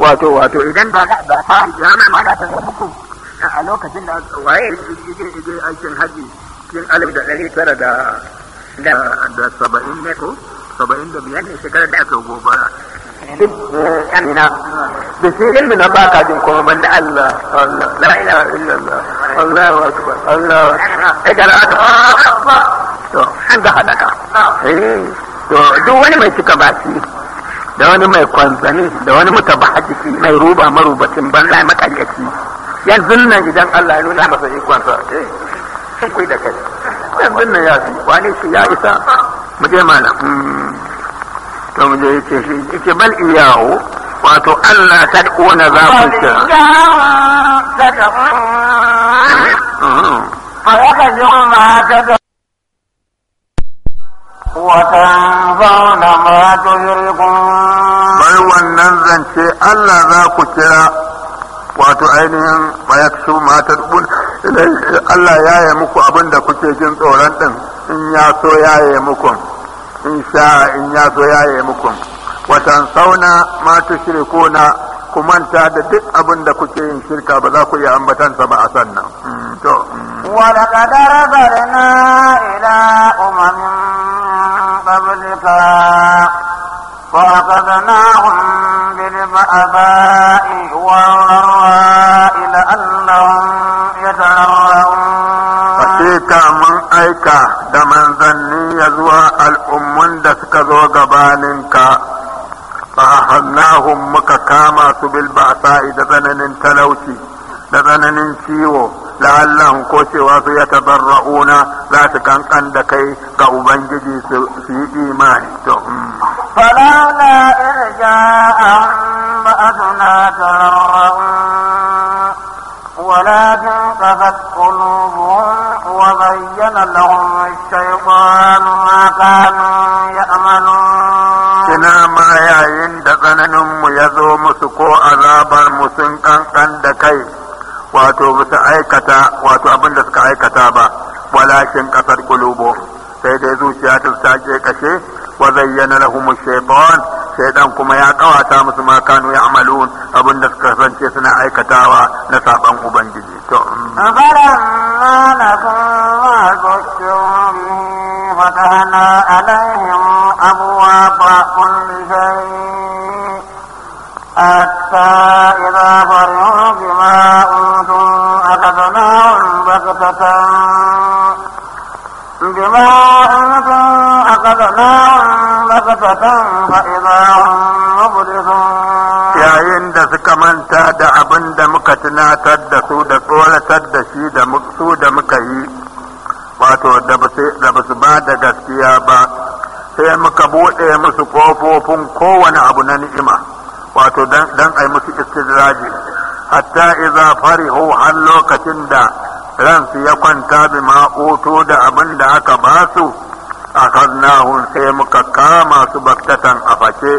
wato wato idan ba za ba ta ya ma da hukum a lokacin da waye yake aikin haji cikin alif da dari tara da da saba'in ne ko saba'in da biyar ne shekarar da aka gobara eh, amina da shi ilmi na baka jin kuma Allah Allah la ilaha illallah akbar Allah ai kana aka ah, ah, ah, to an ga hadaka eh, to duk wani mai cika baki da wani mai kwanzani da wani hajjiki mai ruba marubatin banza makaryaci yanzu nan idan Allah ya nuna masa sa eh kai da kai yanzu nan ya fi wani shi ya isa mu je malam hmm. to mu je yace shi yace bal iyahu wato Allah ta za ku na za ما ta وتنفون ما تشركون bai wannan zance Allah za ku kira wato ainihin bayaksu matar bun Allah ya yi muku abin da kuke jin tsoron ɗin, in ya so ya yi muku in sha in ya so ya yi muku watan sauna ma na ku manta da duk abin da kuke yin shirka ba za ku iya ambatansa ba a sannan mm, to ولقد رفعنا إلى أمم قبلك فأخذناهم بالبأباء والراء لأنهم يتنرؤون فسيكا من أيكا دمن ذني يزوى الأمون دسك ذو قبالنكا فأخذناهم مكا بالبعثاء دبنن تلوشي دبنن تيوو Lallan ko cewa su ya taɓar ra'una, za su ƙanƙan da kai ga ubangiji su yi imanin tun. Falaluwa na iri ja a hanum ba a tunatar ra'un, wala sun saka ƙunubuwa ba ya na lammu shaikon waƙanun ya ma yayin da tsananinmu ya zo musu ko azabar mu sun ƙanƙan da kai. wato ba aikata wato abin da suka aikata ba walakin kasar kulubo sai dai zuciya ta ta je kashe wa zayyana lahum shaytan shaytan kuma ya kawata musu ma kanu ya'malun abin da suka kasance suna aikatawa na saban ubangiji to afalamma lakum ma zukirum fatahna alaihim حتى إذا فروا بما أوتوا أخذناهم بغتة بما أوتوا أخذناهم بغتة فإذا هم مبلسون yayin da suka manta da abin da muka tunatar da su da tsoratar da shi da su da muka yi wato da ba su ba da gaskiya ba sai muka buɗe musu ƙofofin kowane abu na ni'ima wato dan ai musu istidraji hatta idza farihu har lokacin da ransu ya kwanta bi ma'uto da abin da aka ba su akhadnahum sai muka kama su baktatan a fake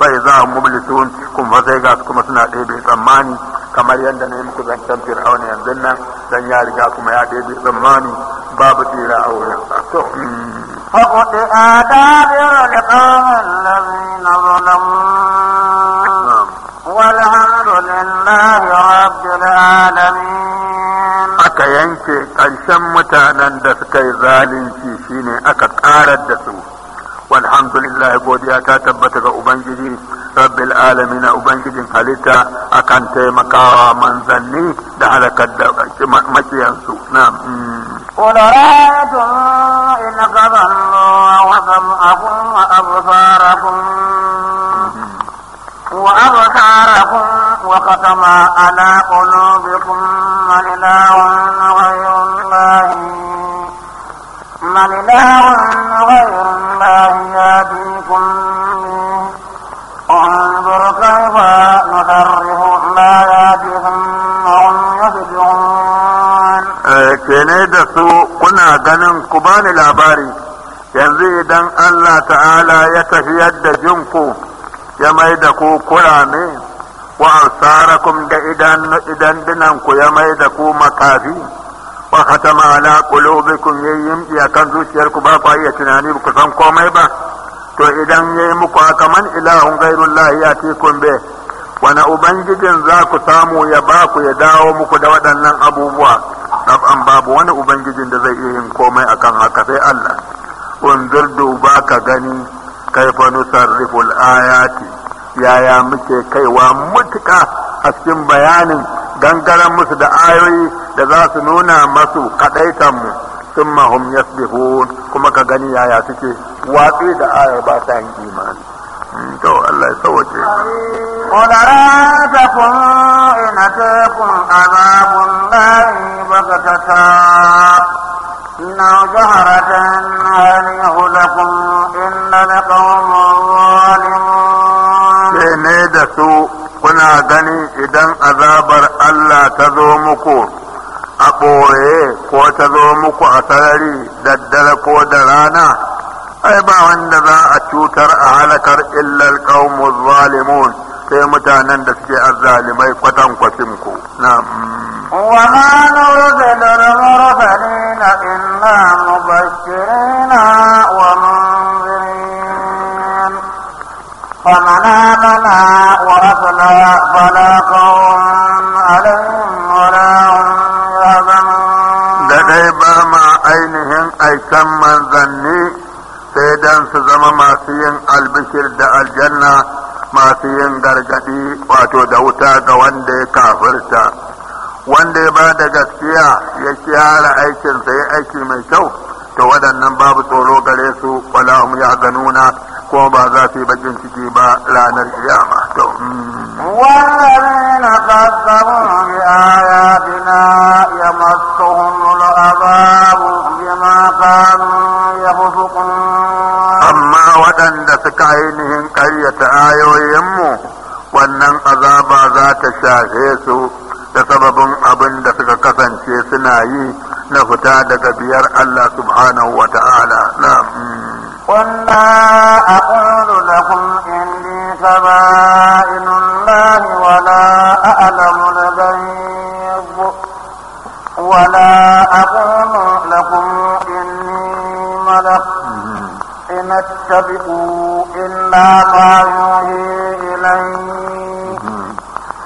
fa idza mublisun kuma sai ga su kuma suna ɗebe tsammani kamar yadda ne muku zancen fir'aun yanzu nan dan ya riga kuma ya ɗebe tsammani babu tsira a wurin to فقطع دابر القوم الذين ظلموا mutanen da suka yi zalunci shine aka karar da su walhamdulillah godiya ta tabbata ga ubangiji rabbil alamina ubangijin halitta akan taimakawa manzanni da halakar da makiyansu na قل رأيتم إن قضى الله وسمعكم وأبصاركم وأبصاركم وختم على قلوبكم من إله غير الله من إله غير الله يأتيكم انظر كيف نصرف آياتهم وهم يفجعون كني da su kuna ganin ku bani labari yanzu idan Allah ta'ala ya jinku ya mai da ku kurame wa asarakum da idan idan dinan ku ya mai da ku makafi wa khatama ala qulubikum yayyim ya kan zuciyar ku ba ku iya tunani ku san komai ba to idan yayi muku haka man ilahun ghairullahi yatikum be wani ubangijin za ku samu ya ba ku ya dawo muku da waɗannan abubuwa an babu wani ubangijin da zai iya yin komai akan haka sai Allah unzur duba ka gani kaifa nusarrifu al-ayati yaya muke kaiwa mutuka a cikin bayanin gangaren musu da ayoyi da za su nuna masu kadaitan mu sun hum yasbihun kuma ka gani yaya suke watsi da ayar ba ta yin imani hmm, to Allah ya sauke قل ta تكن إن أتاكم عذاب ta بغتة أو جهرة أولئك sai ne da su kuna gani idan azabar Allah ta zo muku a ɓoye ko ta zo muku a sarari daddare ko da rana ai ba wanda za a cutar a halakar illar qaumu zalimun sai mutanen da suke azzalimai kwatan kwacin ku na wa ma nurzilu mursalina illa mubashirina wa فمن آمن ورثنا فلا قوم عليهم ولا هم دai ba ma ainihin aikan manzanni sai dan su zama masu yin albishir da aljanna masu yin gargadi wato da wuta ga wanda ya kafirta wanda ya ba da gaskiya ya kyara aikinsa ya aiki mai kyau to waɗannan babu tsoro gare su wala hum yahzanuna ko ba za su yi bakin ciki ba ranar kiyama to bi ayatina al'azabu kanu yafsukun amma waɗanda suka ainihin ƙaryata ayoyinmu wannan azaba za ta shafe su da sababin abin da suka kasance suna yi na fita daga biyar Allah subhanahu wa ta'ala قل لا أقول لكم إني خزائن الله ولا أعلم الغيب ولا أقول لكم إني ملك إن اتبعوا إلا ما يوحي إلي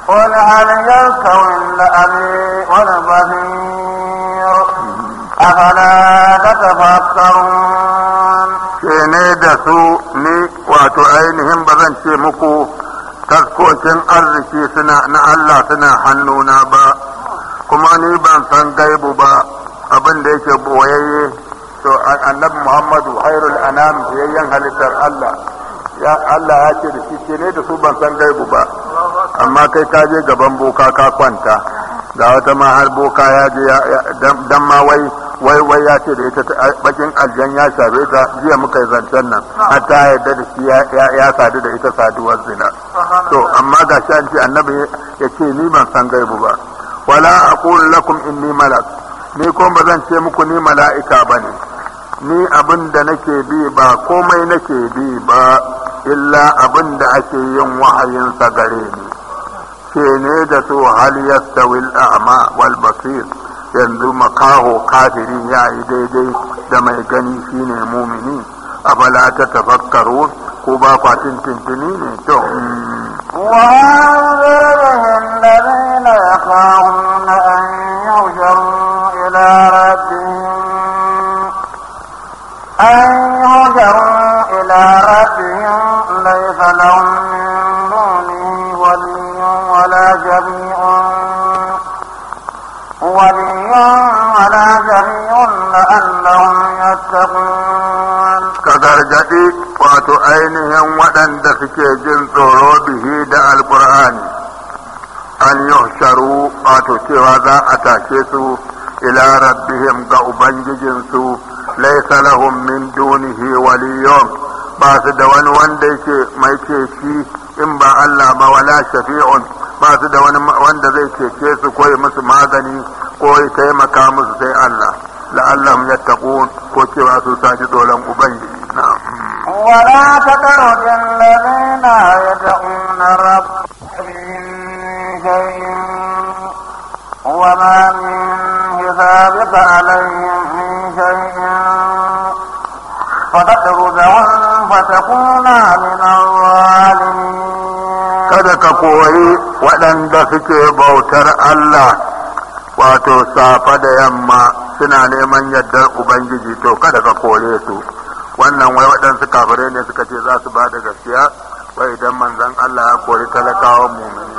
قل علي الكون الأبي والبصير أفلا تتفكرون ce ne da su ni wato ainihin ba zan ce muku taskokin arziki suna na Allah suna hannuna ba kuma ni ban san gaibu ba abin da yake boyayye to annabi Muhammadu hairul anam biyayyen halittar Allah ya Allah ya ce da shi ce ne da su ban san gaibu ba amma kai ka je gaban boka ka kwanta ga wata ma har boka ya je dan ma wai wai wai ya ce da ita bakin aljan ya shafe ta jiya muka zancen nan hatta yadda da shi ya sadu da ita saduwar zina to amma ga shi an ce annabi ya ce ni ban san gaibu ba wala aqulu lakum inni malak ni ko ba zan ce muku ni mala'ika ba ne. ni abin da nake bi ba komai nake bi ba illa abin da ake yin wahayinsa gare ni ke ne da su hal yastawil a'ma wal basir yanzu makaho kafiri ya yi daidai da mai gani shine mumini a bala ta tafakkaru ko ba kwatin tintintini ne to ليس لهم من دونه ولي ولا جميع وليا ولا شفيع لعلهم يتقون كغرغدي واتو ainihin waɗanda suke jin tsoro bihi da alƙur'ani an yuhsharu wato cewa za a tashe su ila rabbihim ga ubangijinsu laisa lahum min ba su da wani wanda yake mai ceci in ba Allah ba wala shafi'un ba su da wani wanda zai keke su koyi musu magani ko ya taimaka musu sai Allah la'allahum yattaqun ko cewa su saki tsoron ubangiji na'am wala taqrabu alladhina yad'una rabbahum shay'in wa ma min hisabika alayhim min shay'in fataqrudahum fatakuna min al-zalimin kada ka koyi waɗanda suke bautar Allah wato safa da yamma suna neman yaddar ubangiji to kada ka kore su wannan wai waɗansu kafare ne suka ce za su ba da gaskiya wai idan manzon Allah ya kori talakawa mumini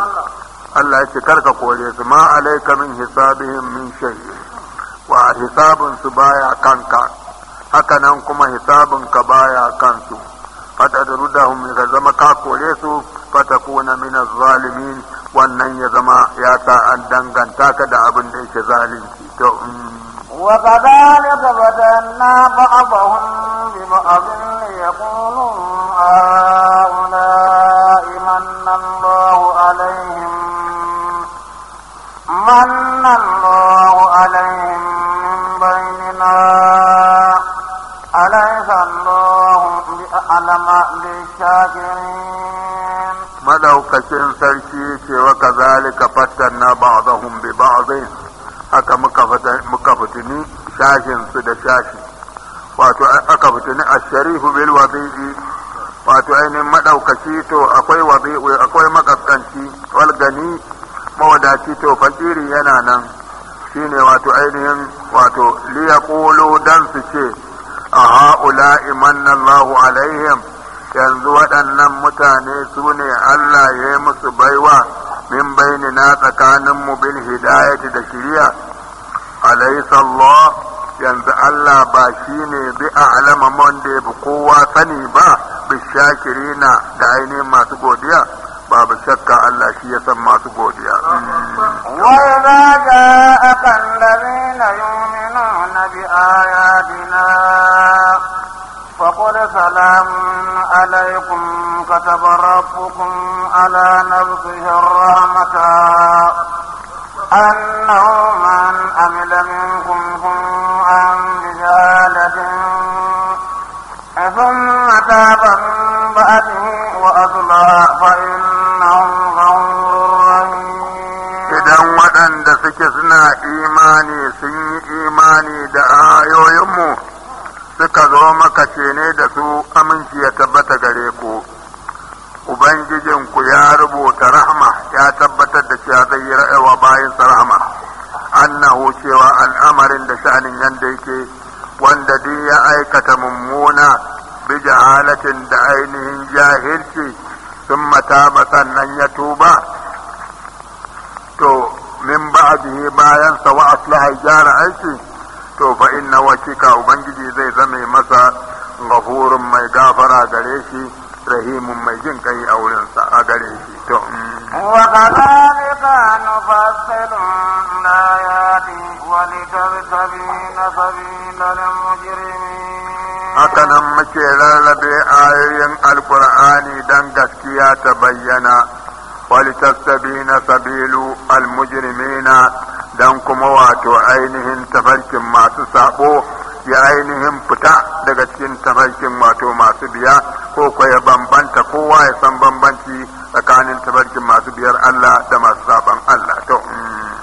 Allah ya ce kar ka kore su ma alaika min hisabihim min shay'in wa hisabun su baya kanka haka nan kuma hisabun ka baya kansu fata da rudahum ka zama ka kore su fata kuna min zalimin wannan ya zama ya ta an danganta ka da abin da yake zalunci to wa badana badanna ba abahum bima abin ya kunu auna imanna allah alaihim manna allah alaihim bainana alaihi bi alama li shakirin madaukakin sarki ce wa kazalika fatanna ba'dahum bi ba'dhin haka muka muka fitini shashin su da shashi wato aka fitini asharifu bil wadi'i wato ainihin madaukaki to akwai wadi'i akwai makaskanci wal gani mawadaci to fakiri yana nan shine wato ainihin wato liyaqulu dan su ce a ha'ula'i manna Allahu alaihim yanzu waɗannan mutane su ne Allah ya yi musu baiwa min bayani na tsakaninmu bin hidayati da shiriya alaysa yanzu Allah ba shi ne bi a alama monday ya kowa sani ba bishakirina da ainihin masu godiya babu shakka Allah shi ya san masu godiya. وإذا فقل سلام عليكم كتب ربكم على نفسه الرحمة أنه من أمل منكم هم عن جهالة ثم تاب من بعده وأصلح فإنه غور رحيم إذا ودن suke إيماني سي إيماني دعا يومه kuma maka ce ne da su aminci ya tabbata gare ku ubangijinku ya rubuta rahama ya tabbatar da cewa zai yi ra'awa bayan sa an annahu cewa al'amarin da sha'anin yanda yake wanda duk ya aikata mummuna bi jahalatin da ainihin jahilci sun mata sannan ya tuba to min ba'dihi bayan sa wa aslaha gyara aiki to fa inna wakika ubangiji zai zame masa ghafurun mai gafara gare shi rahimun mai jin kai a wurinsa a gare shi to mm. wa kadhalika nufassilu ayati wa litabtabina sabila lil mujrimin haka nan muke rarrabe ayoyin alqur'ani dan gaskiya ta bayyana wa litabtabina sabilu al dan kuma wato ainihin tafarkin masu sabo ya ainihin fita daga cikin tafarkin wato masu biya ko ko ya bambanta kowa ya san bambanci tsakanin tafarkin masu biyar Allah da masu saban Allah to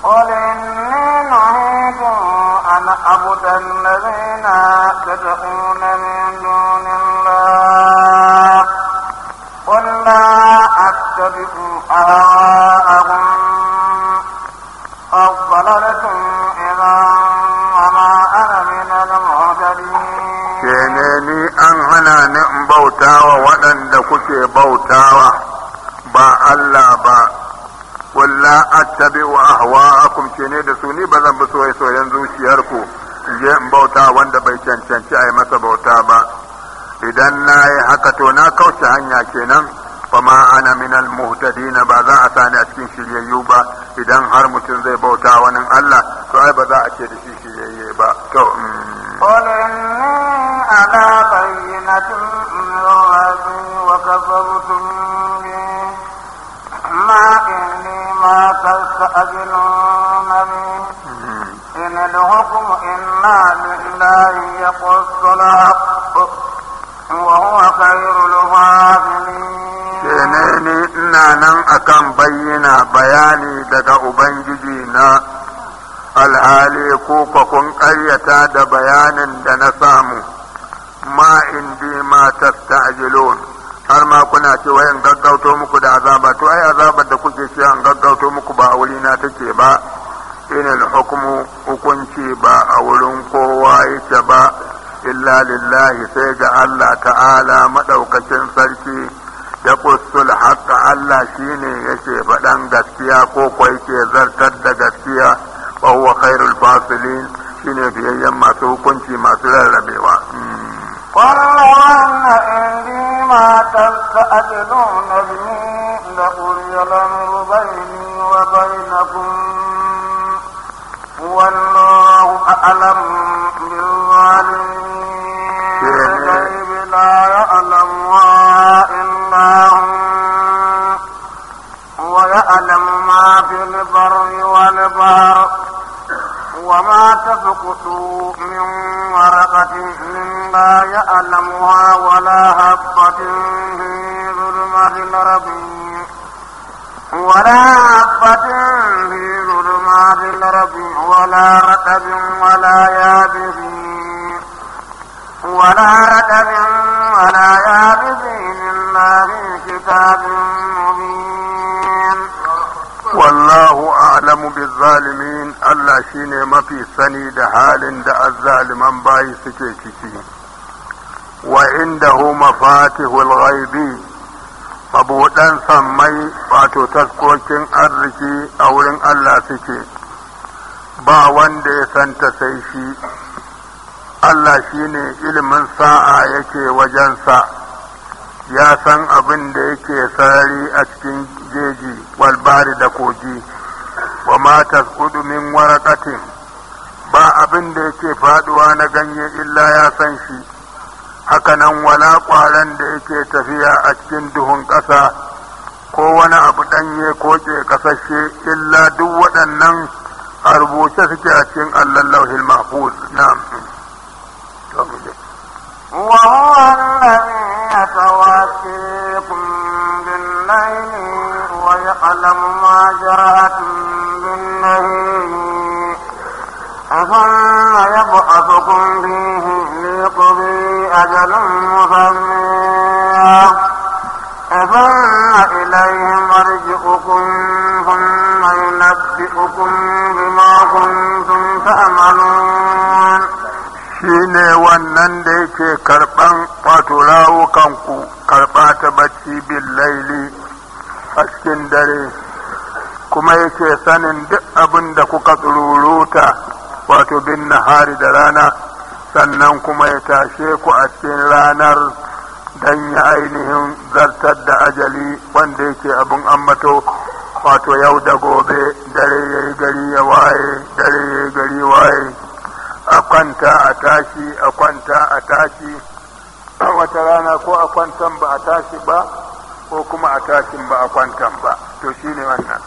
قل أن أعبد الذين تدعون من دون الله قل لا أتبع kuke bautawa ba Allah ba walla attabi wa ahwa'akum ce ne da su ni ba zan bi soye soyen zuciyarku je in bauta wanda bai cancanci a yi masa bauta ba idan na yi haka to na kauce hanya kenan ma ana minal muhtadina ba za a sani a cikin shiryayyu ba idan har mutum zai bauta wani Allah to ai ba za a ce da shi shiryayye ba to mm. بميراثي وكفرتم به ما إني ما تستأجلون به إن الحكم إلا لله يقص الحق وهو خير الفاصلين ne ina nan akan bayyana bayani daga Ubangiji na alhali ko kun karyata da bayanin da na samu. ma indi ta tasta'jilun har ma kuna cewa in gaggauto muku da azaba to ai azabar da kuke cewa in gaggauto muku ba a wurina take ba inal hukunci ba a wurin kowa yake ba illa lillahi sai ga Allah ta'ala madaukakin sarki ya kusul haqqa Allah shine yake faɗan gaskiya ko ko yake zartar da gaskiya wa huwa khairul fasilin shine biyayyen masu hukunci masu rarrabewa قل وأن عندي ما تستأجلون به لأري الأمر بيني وبينكم والله أعلم بالظالمين وما تسقط من ورقة إلا يألمها ولا هبة في ظلمة الربيع ولا هبة في ظلمات الربيع ولا رتب ولا يابس ولا رتب ولا يابس إلا في كتاب a'lamu bizzalimin Allah shine mafi sani da halin da azzaliman bayi suke ciki wa indahu mafatihul ghaibi mabudan sammai wato taskokin arziki a wurin Allah suke ba wanda ya ta sai shi Allah shine ilimin sa'a yake wajensa ya san abin da yake sarari a cikin jeji walbari da kogi wa ma tasqudu min waraqatin ba abin da yake faduwa na ganye illa ya san shi hakanan wala kwaran da yake tafiya a cikin duhun ƙasa ko wani abu ɗanye ko ke ƙasashe illa duk waɗannan a rubuce suke a cikin allon lauhin mahfuz na وهو الذي يتوفيكم بالليل ويعلم ما جرأتم بالنهي أثم يبعثكم فيه ليقضي أجل مسمى أثم إليه مرجعكم ثم ينبئكم بما كنتم تعملون shine wannan da yake karɓan wato rawukanku karba ta bacci bil laili a cikin dare kuma yake sanin duk abin da kuka tsururuta wato bin hari da rana sannan kuma ya tashe ku a cikin ranar don ya ainihin zartar da ajali wanda yake abin ammato wato yau da gobe dare ya yi gari ya waye dare ya yi gari waye a kwanta a tashi a kwanta a tashi wata rana ko a kwantan ba a tashi ba ko kuma a tashin ba a kwantan ba to shi ne wannan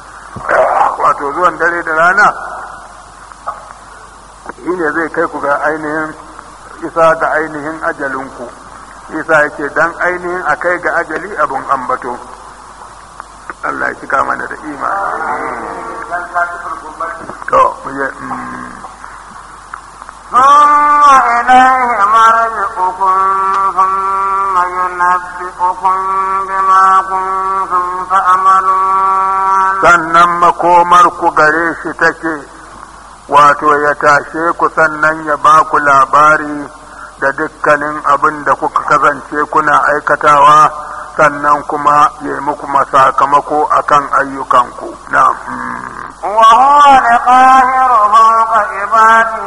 wato zuwan dare da rana shi ne zai kai ku ga ainihin isa ga ainihin ajalinku isa yake dan ainihin a kai ga ajali abun ambato Allah ya cika mana da ima to ya mara ثم إليه مرجعكم ننبئكم بما كنتم تعملون sannan makomar ku gare shi take wato ya tashe ku sannan ya ba ku labari da dukkanin abin da kuka kasance kuna aikatawa sannan kuma ya yi muku masakamako kan ayyukanku na وهو القاهر فوق عباده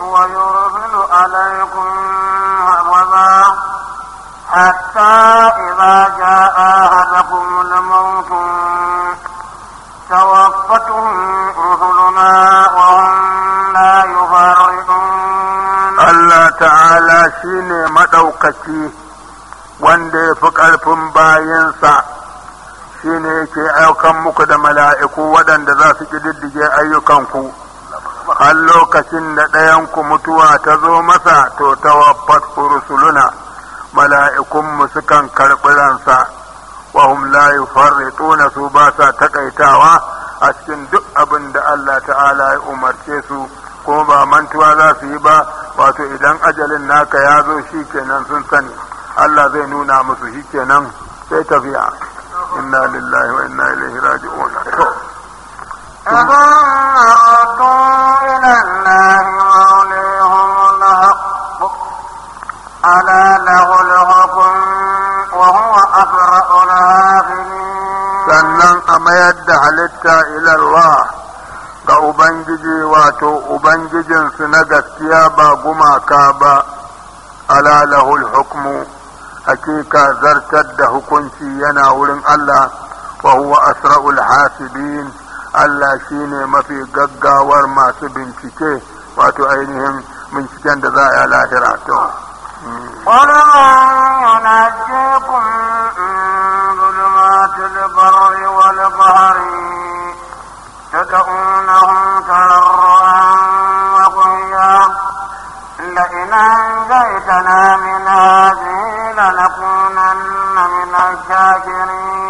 ويرسل عليكم حتى إذا جاء أحدكم الموت توفتهم رسلنا وهم لا يفرقون الله تعالى شيني مدوكتي wanda ya fi ƙarfin bayansa shi ne yake aukan muku da mala'iku waɗanda za su ƙididdige ayyukanku har lokacin da ɗayanku mutuwa ta zo masa to ta wafat rusuluna mala'ikunmu sukan karɓi ransa wa hum la yufarrituna su ba sa takaitawa a cikin duk abin da Allah ta'ala ya umarce su kuma ba mantuwa za su yi ba wato idan ajalin naka ya zo shi kenan sun sani Allah zai nuna musu shi kenan sai tafiya inna lillahi wa inna ilaihi raji'un ألا لا mayar da halitta ilallah ga Ubangiji wato Ubangijinsu na gaskiya ba gumaka ba, alalahul hukmu, hakika zartar da hukunci yana wurin Allah, wa huwa asra'ul hasibin, Allah shi ne mafi gaggawar masu bincike, wato ainihin binciken da za a yi lahira. Hmm. ليتنا من هذه لنكونن من الشاكرين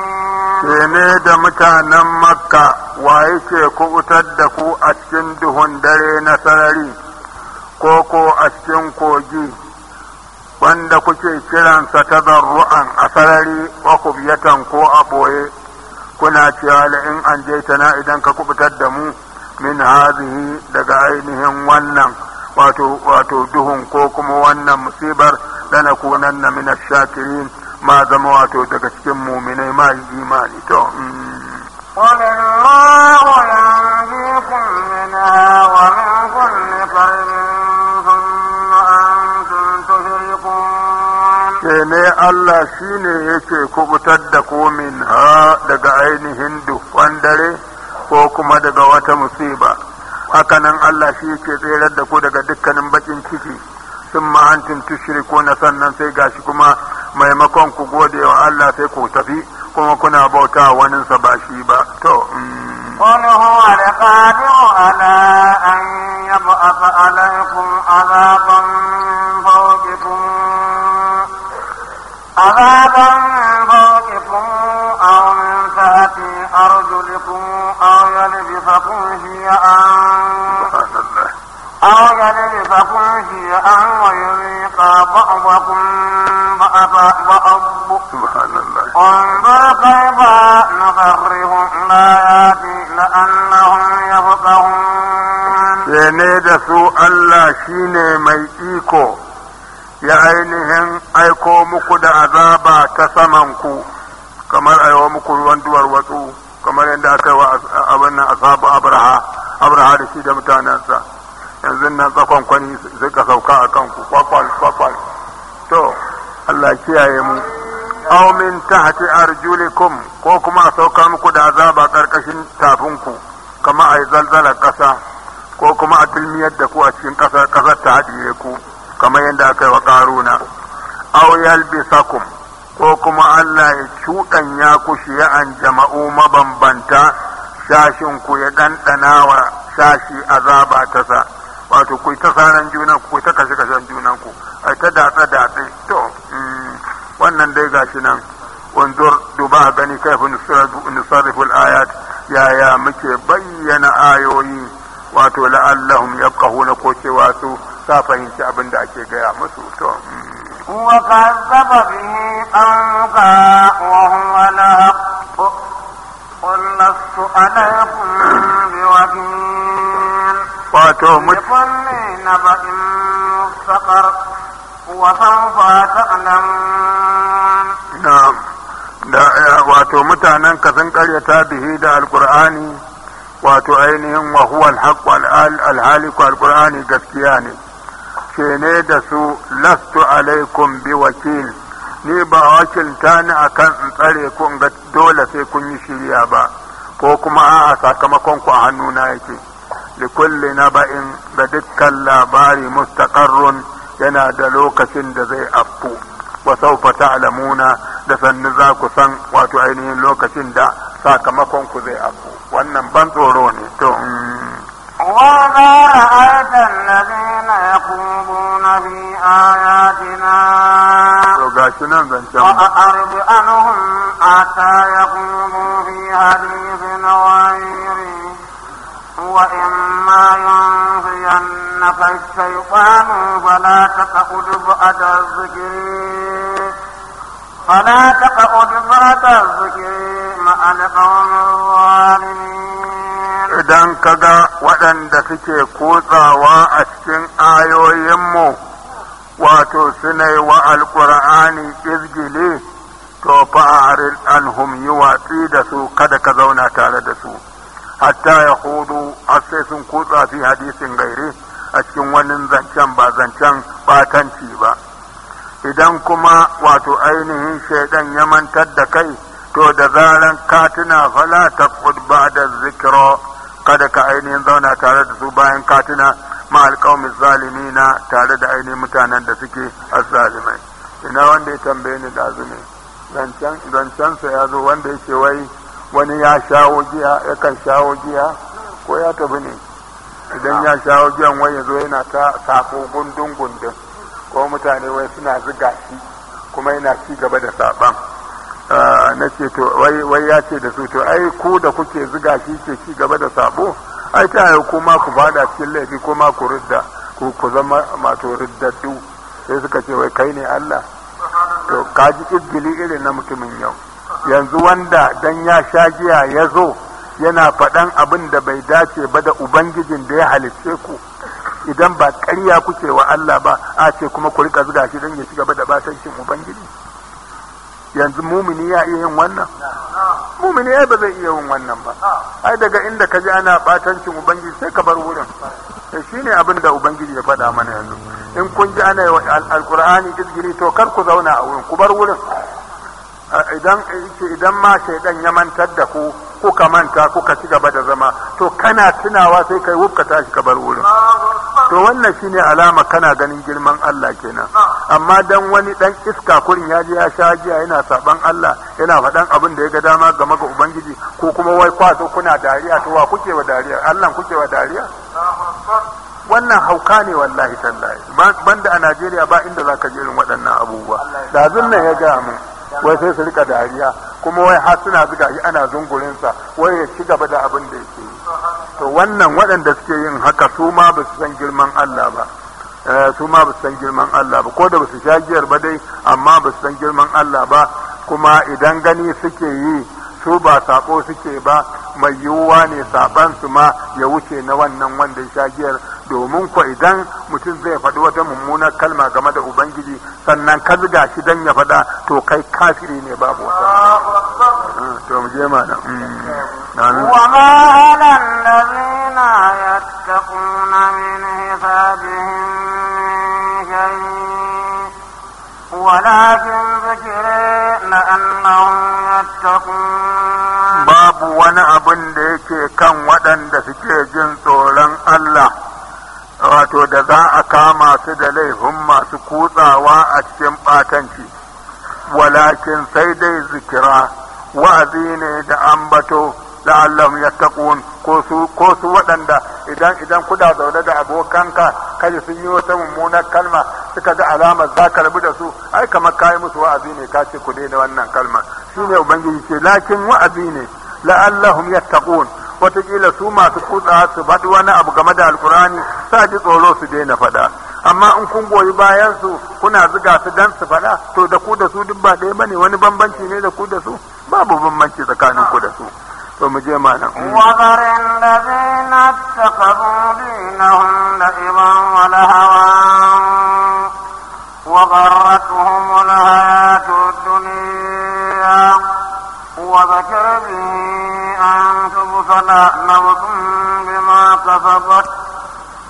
ne da mutanen makka wa yake kubutar da ku a cikin duhun dare na sarari ko a cikin kogi wanda kuke kiransa ta zarru'an a sarari wa kubiyatan ko a ɓoye kuna cewa la in an je tana idan ka kubutar da mu min hazihi daga ainihin wannan wato wato duhun ko kuma wannan musibar dana kunan na minar shakirin ma zama wato daga cikin muminai ma yi imani to mm. ne Allah shi ne yake kubutar da komin ha daga ainihin duk dare ko kuma daga wata musiba hakanan Allah shi yake tserar da ku daga dukkanin bakin ciki sun ma'antin ko na sannan sai gashi kuma maimakon ku gode wa Allah sai ku tafi kuma kuna bauta wani sa ba shi ba to قل هو القادر على أن يلدكم أو يلبسكم شيئا أو يلبسكم شيئا ويذيق بعضكم بعض انظر كيف نصرف الآيات لأنهم يفقهون ne da su Allah shine mai iko ya ainihin aiko muku da azaba ta ku. kamar aiwa muku ruwan duwar kamar yadda aka yi wa abin nan asabu abraha abraha da shi da mutanensa yanzu nan tsakon kwani ka sauka a kanku kwakwal kwakwal to Allah kiyaye mu aw min tahti arjulikum ko kuma a sauka muku da azaba karkashin tafinku kama a yi kasa ko kuma a tilmiyar da ku a cikin kasar kasar ta haɗiye ku kamar yadda aka yi wa karuna aw yalbisakum ko kuma Allah ya ya ku ya an jama'u mabambanta shashin ku ya ɗanɗana wa shashi azaba ta sa wato ku ta sanan junan ku ta kashe kashen junan ku ai ta datsa datsa to mm, wannan dai gashi nan wanzur duba gani kaifin nusarriful ayat yaya muke bayyana ayoyi wato la'allahum ya ko cewa su ta fahimci abin da ake gaya musu to mm. وكذب به قومك وهو الحق قل لست عليكم بوكيل واتو لكل نبأ مستقر وسوف تعلمون نعم da wato mutanen ka sun karyata bihi da alkur'ani wato ainihin wa huwa alhaq alhaliku alkur'ani gaskiya ne ce ne da su lastu alaikum bi wakil ni ba wakilta ni a kan in tsare ku in ga dole sai kun yi shirya ba ko kuma a'a sakamakon ku a hannuna yake likulli naba'in ga dukkan labari mustaqarrun yana da lokacin da zai afku wa sawfa ta'lamuna da sannu za ku san wato ainihin lokacin da sakamakon ku zai afku wannan ban tsoro ne to وما رأيت الذين في آياتنا وأعرض عنهم حتى يقولوا في حديث غيره وإما ينفينك الشيطان فلا تقعد بعد الذكر فلا تقعد بعد الذكر مع القوم الظالمين idan ka ga waɗanda suke kotsawa a cikin ayoyinmu wato sunai wa alƙur'ani izgili to fa'arin anhum yi watsi da su kada ka zauna tare da su hatta ya hudu har sai sun kotsa fi hadisin gairi a cikin wani zancen ba zancen batanci ba idan kuma wato ainihin shaidan ya mantar da kai to da zaran katina fala ta ba da zikiro kada ka ainihin zauna tare da su bayan katina ma zalimi na tare da ainihin mutanen da suke zalimai ina wanda ya tambaye ni da ne zancensa ya zo wanda ya ce wai wani ya shawo giya ya kan shawo giya ko ya tafi ne idan ya shawo giyan wai ya zo yana ta safo gundun gundun ko mutane wai suna ziga shi kuma yana ci gaba da saban Ah, na ce to wai ya ce da su to ai ku da kuke ziga shi ke ci gaba da sabo ai ta yau kuma ku fada cikin laifi kuma ku ridda ku ku zama mato riddaddu sai suka ce wai kai ne Allah to kaji izgili irin na mutumin yau yanzu wanda dan ya sha giya ya zo yana faɗan abin da bai dace ba da ubangijin da ya halicce ku idan ba ƙarya kuke wa Allah ba a ce kuma ku rika zuga shi dan ya ci gaba da batancin ubangiji yanzu mumini ya iya yin wannan mumini ya ba zai iya yin wannan ba ai daga inda ka ji ana batancin ubangiji sai ka bar wurin eh, shi ne abin da ubangiji ya faɗa mana yanzu in kun ji ana alkur'ani izgiri to kar ku zauna a wurin ku bar wurin idan idan ma shaidan ya mantar da ku kuka manta kuka ci gaba da zama to kana tunawa sai kai wufka tashi ka bar wurin to wannan shine alama kana ganin girman Allah kenan amma dan wani dan iska kurin ya je ya sha giya yana saban Allah yana faɗan abin da ya ga dama game ga ubangiji ko kuma wai kwazo kuna dariya to wa kuke wa dariya Allah kuke wa dariya wannan hauka ne wallahi tallahi banda a Najeriya ba inda zaka je irin waɗannan abubuwa da nan ya ga mu wai sai su rika dariya kuma wai har suna zuga shi ana zungurinsa wai ya ci gaba da abin da yake to wannan waɗanda suke yin haka su ma ba su san girman Allah ba Eh, su ma ba su san girman Allah ba ko da ba su sha giyar ba dai amma ba su san girman Allah ba kuma idan gani suke yi su ba sako suke ba mai yiwuwa ne saban su ma ya wuce na wannan wanda ya sha giyar domin ko idan mutum zai faɗi wata mummunar kalma game da ubangiji sannan ka ziga shi dan ya faɗa to kai kafiri ne babu wata ah, to mu je mana وما mm. على ولكن ذكرى لأنهم يتقون باب وانا أبن ديكي كان ودن دسكي جنس ولن الله wato da za a kama su da laifin masu kutsawa a cikin ɓatanci walakin sai dai zikira wa'azi ne da an bato. la'allam yattaqun ko su ko su waɗanda idan idan kuda zaune da abokanka kai sun yi wata mummunar kalma suka ga alamar za ka rabu da su ai kamar kayi musu wa'azi ne ka ce ku da wannan kalma ne ubangiji ce lakin wa'azi ne la'allahum yattaqun watakila su masu kutsa su faɗi wani abu game da alkurani sa ji tsoro su daina faɗa amma in kun goyi bayan su kuna ziga su dan su faɗa to da ku da su duk ba ɗaya bane wani bambanci ne da ku da su babu bambanci tsakanin ku da su ثم جاء معنا وذر الذين اتخذوا دينهم لعبا ولهوا وغرتهم الحياة الدنيا وذكر به أن تبصل نفس بما كسبت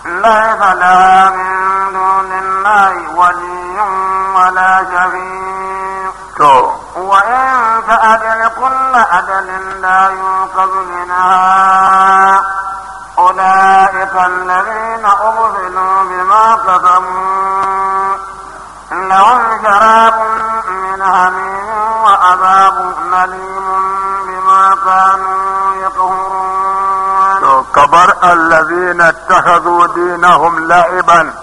ليس لها من دون الله ولي ولا شفيع وإن فأدل كل أدل لا ينقذ منها أولئك الذين أبذلوا بما كتبوا لهم شراب من حميم وعذاب مليم بما كانوا يكفرون كبر الذين اتخذوا دينهم لعبا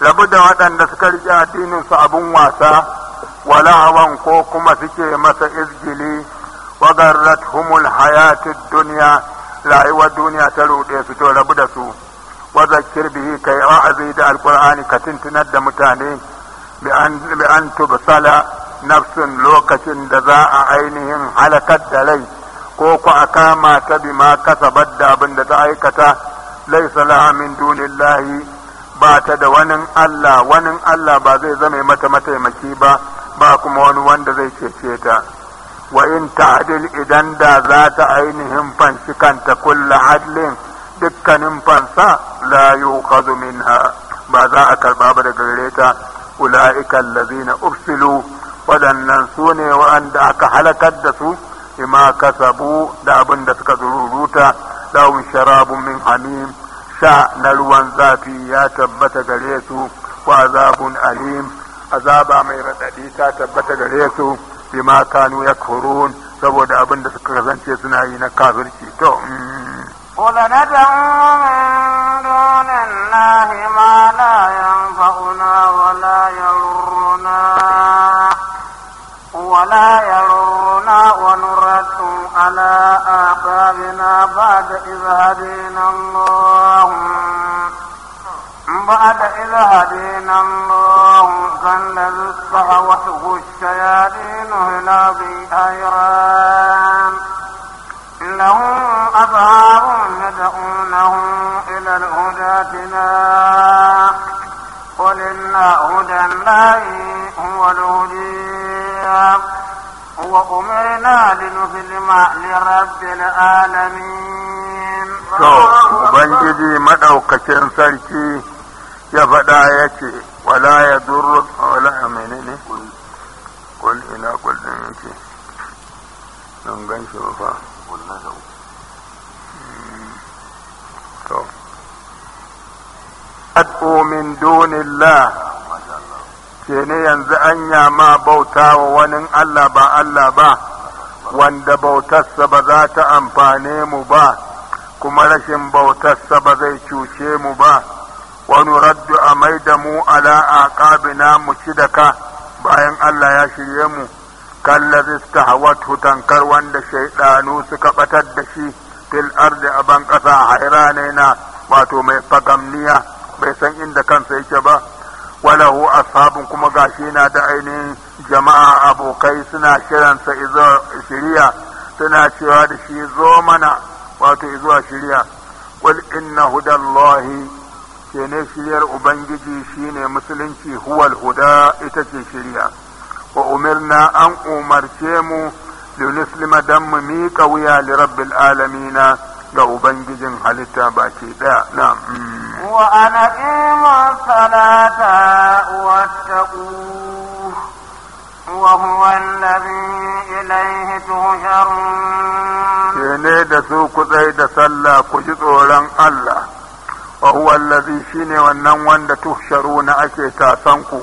لابد أن تسكر دين صعب واسع walawan ko kuma suke masa izgili wa garrat humul hayati duniya rayuwar duniya ta ruɗe su to rabu da su wa zakir kai wa'azi da alqur'ani ka tuntunar da mutane bi an bi an nafsun lokacin da za a ainihin halakar da rai ko ku a kama ta bi ma kasabar da abin da ta aikata laisa laha min dunillahi ba ta da wani Allah wani Allah ba zai zame mata mataimaki ba ba kuma wani wanda zai cece ta wa in ta'dil idan da za ta ainihin fanshi kanta kulla adlin dukkanin fansa la yuqadu minha ba za a karba ba daga gare ta ulaika allazina ufsilu wadannan su ne wa'anda aka halakar da su bima kasabu da abin da suka zururuta lahum sharabun min hamim sha na ruwan zafi ya tabbata gare su wa azabun alim azaba mai raɗaɗi ta tabbata gare su bima kanu yakurun saboda abin da suka kasance suna yi na kafirci to mm. قل ندعو من دون الله ما لا ينفعنا ولا يضرنا ولا يضرنا ونرد على آثارنا بعد إذ هدينا الله بعد إذا هدينا الله زلل الصحوة الشياطين إلى ذي حيران لهم أصحاب يدعونهم إلى الهدى اتنا قل إن هدى الله هو الهدي وأمرنا لنسلم لرب العالمين. To, Ubangiji maɗaukacin sarki ya faɗa ya ce wala ya duru wala a menene kul ina kul din yake don gan shi fa hmm, to ad'u min dunillah ke ne yanzu anya ma bauta wa wani Allah ba Allah ba wanda bautarsa ba za ta amfane mu ba kuma rashin bautarsa ba zai cuce mu ba da ونرد أميدمو ci da ka bayan Allah ya shirye mu kallazi istahawathu tankar wanda shaydanu suka batar da shi a banƙasa aban kasa hairanaina wato mai fagamniya bai san inda kansa yake ba walahu ashabun kuma gashi na da ainihin jama'a abokai suna shiransa izo shiriya suna cewa da shi zo mana wato izuwa shiriya qul inna hudallahi shine shiryar ubangiji shine musulunci huwal huda ita ce shirya wa umirna an umarce mu linuslima dan mu miƙa wuya li rabbil alamina ga ubangijin halitta baki daya na wa ana salata wa taqu wa huwa alladhi ilayhi tuhsharun ne da su kutsai da sallah ku ji tsoron Allah Wahuwar Ladi shi ne wannan wanda tusharuna ake tasanku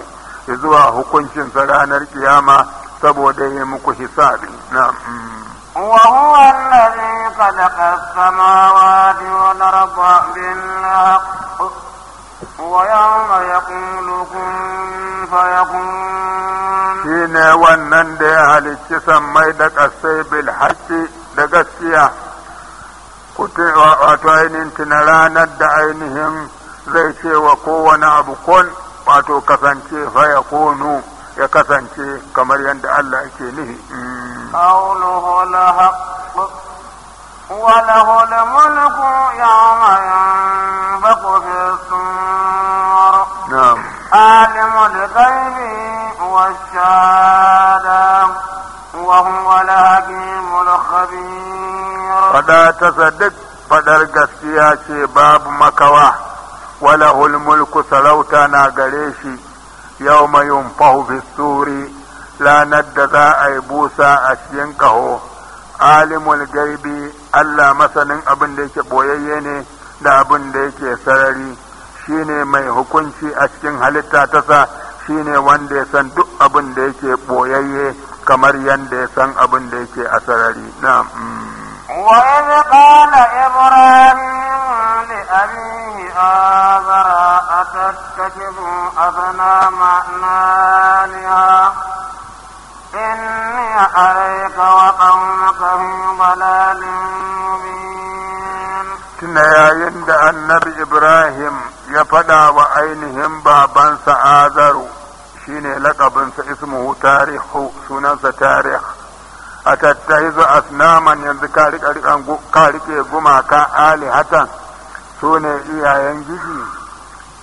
zuwa hukuncinsa ranar ƙiyama, saboda ya yi muku hisabi nan. Wahuwar Ladi ta da ƙasar mawa, taunar babin Wa yanka ya ƙunsa ya ƙuna. wannan da ya halicci samai da kasaibin haƙƙi da gaskiya. kutewa wato ainihin tuna ranar da ainihin zai ce wa kowane abu kun wato kasance faya ya kunu ya kasance kamar yadda Allah yake nihi. قوله الحق وله الملك يوم ينفق في نعم عالم الغيب fada ta sadiq fadar gaskiya ce babu makawa walahul mulku sarauta na gare shi yau mai yunfahu fisturi lanar da za a yi busa a cikin kaho alimul gaibi allah masanin abin da yake boyayye ne da abin da yake sarari shine mai hukunci a cikin halitta ta sa shine wanda ya san duk abin da yake boyayye kamar yadda ya san abin da yake a sarari na وإذ قال إبراهيم لأبيه آذر أتتكب أبنا معنا لها إني عليك وقومك في ضلال مبين كنا يا يند النبي إبراهيم يفدى وعينهم بابا آذر شيني لقب اسمه تاريخ سنانس تاريخ a tattahizu asnaman yanzu ka rike gumaka alihatan su ne iyayen gidi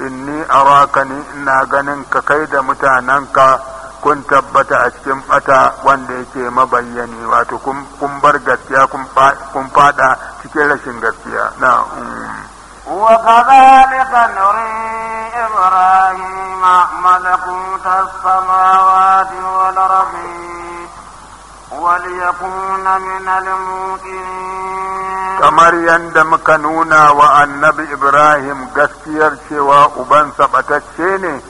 inni araka ni ina ganin ka kai da mutanenka kun tabbata a cikin bata wanda yake mabayyani wato kun bar gaskiya kun fada cikin rashin gaskiya na وكذلك نري إبراهيم ملكوت السماوات والأرض وليكون من الموقنين كما يندم كنونا وأن نبي إبراهيم قسير شواء بن سبت الشيني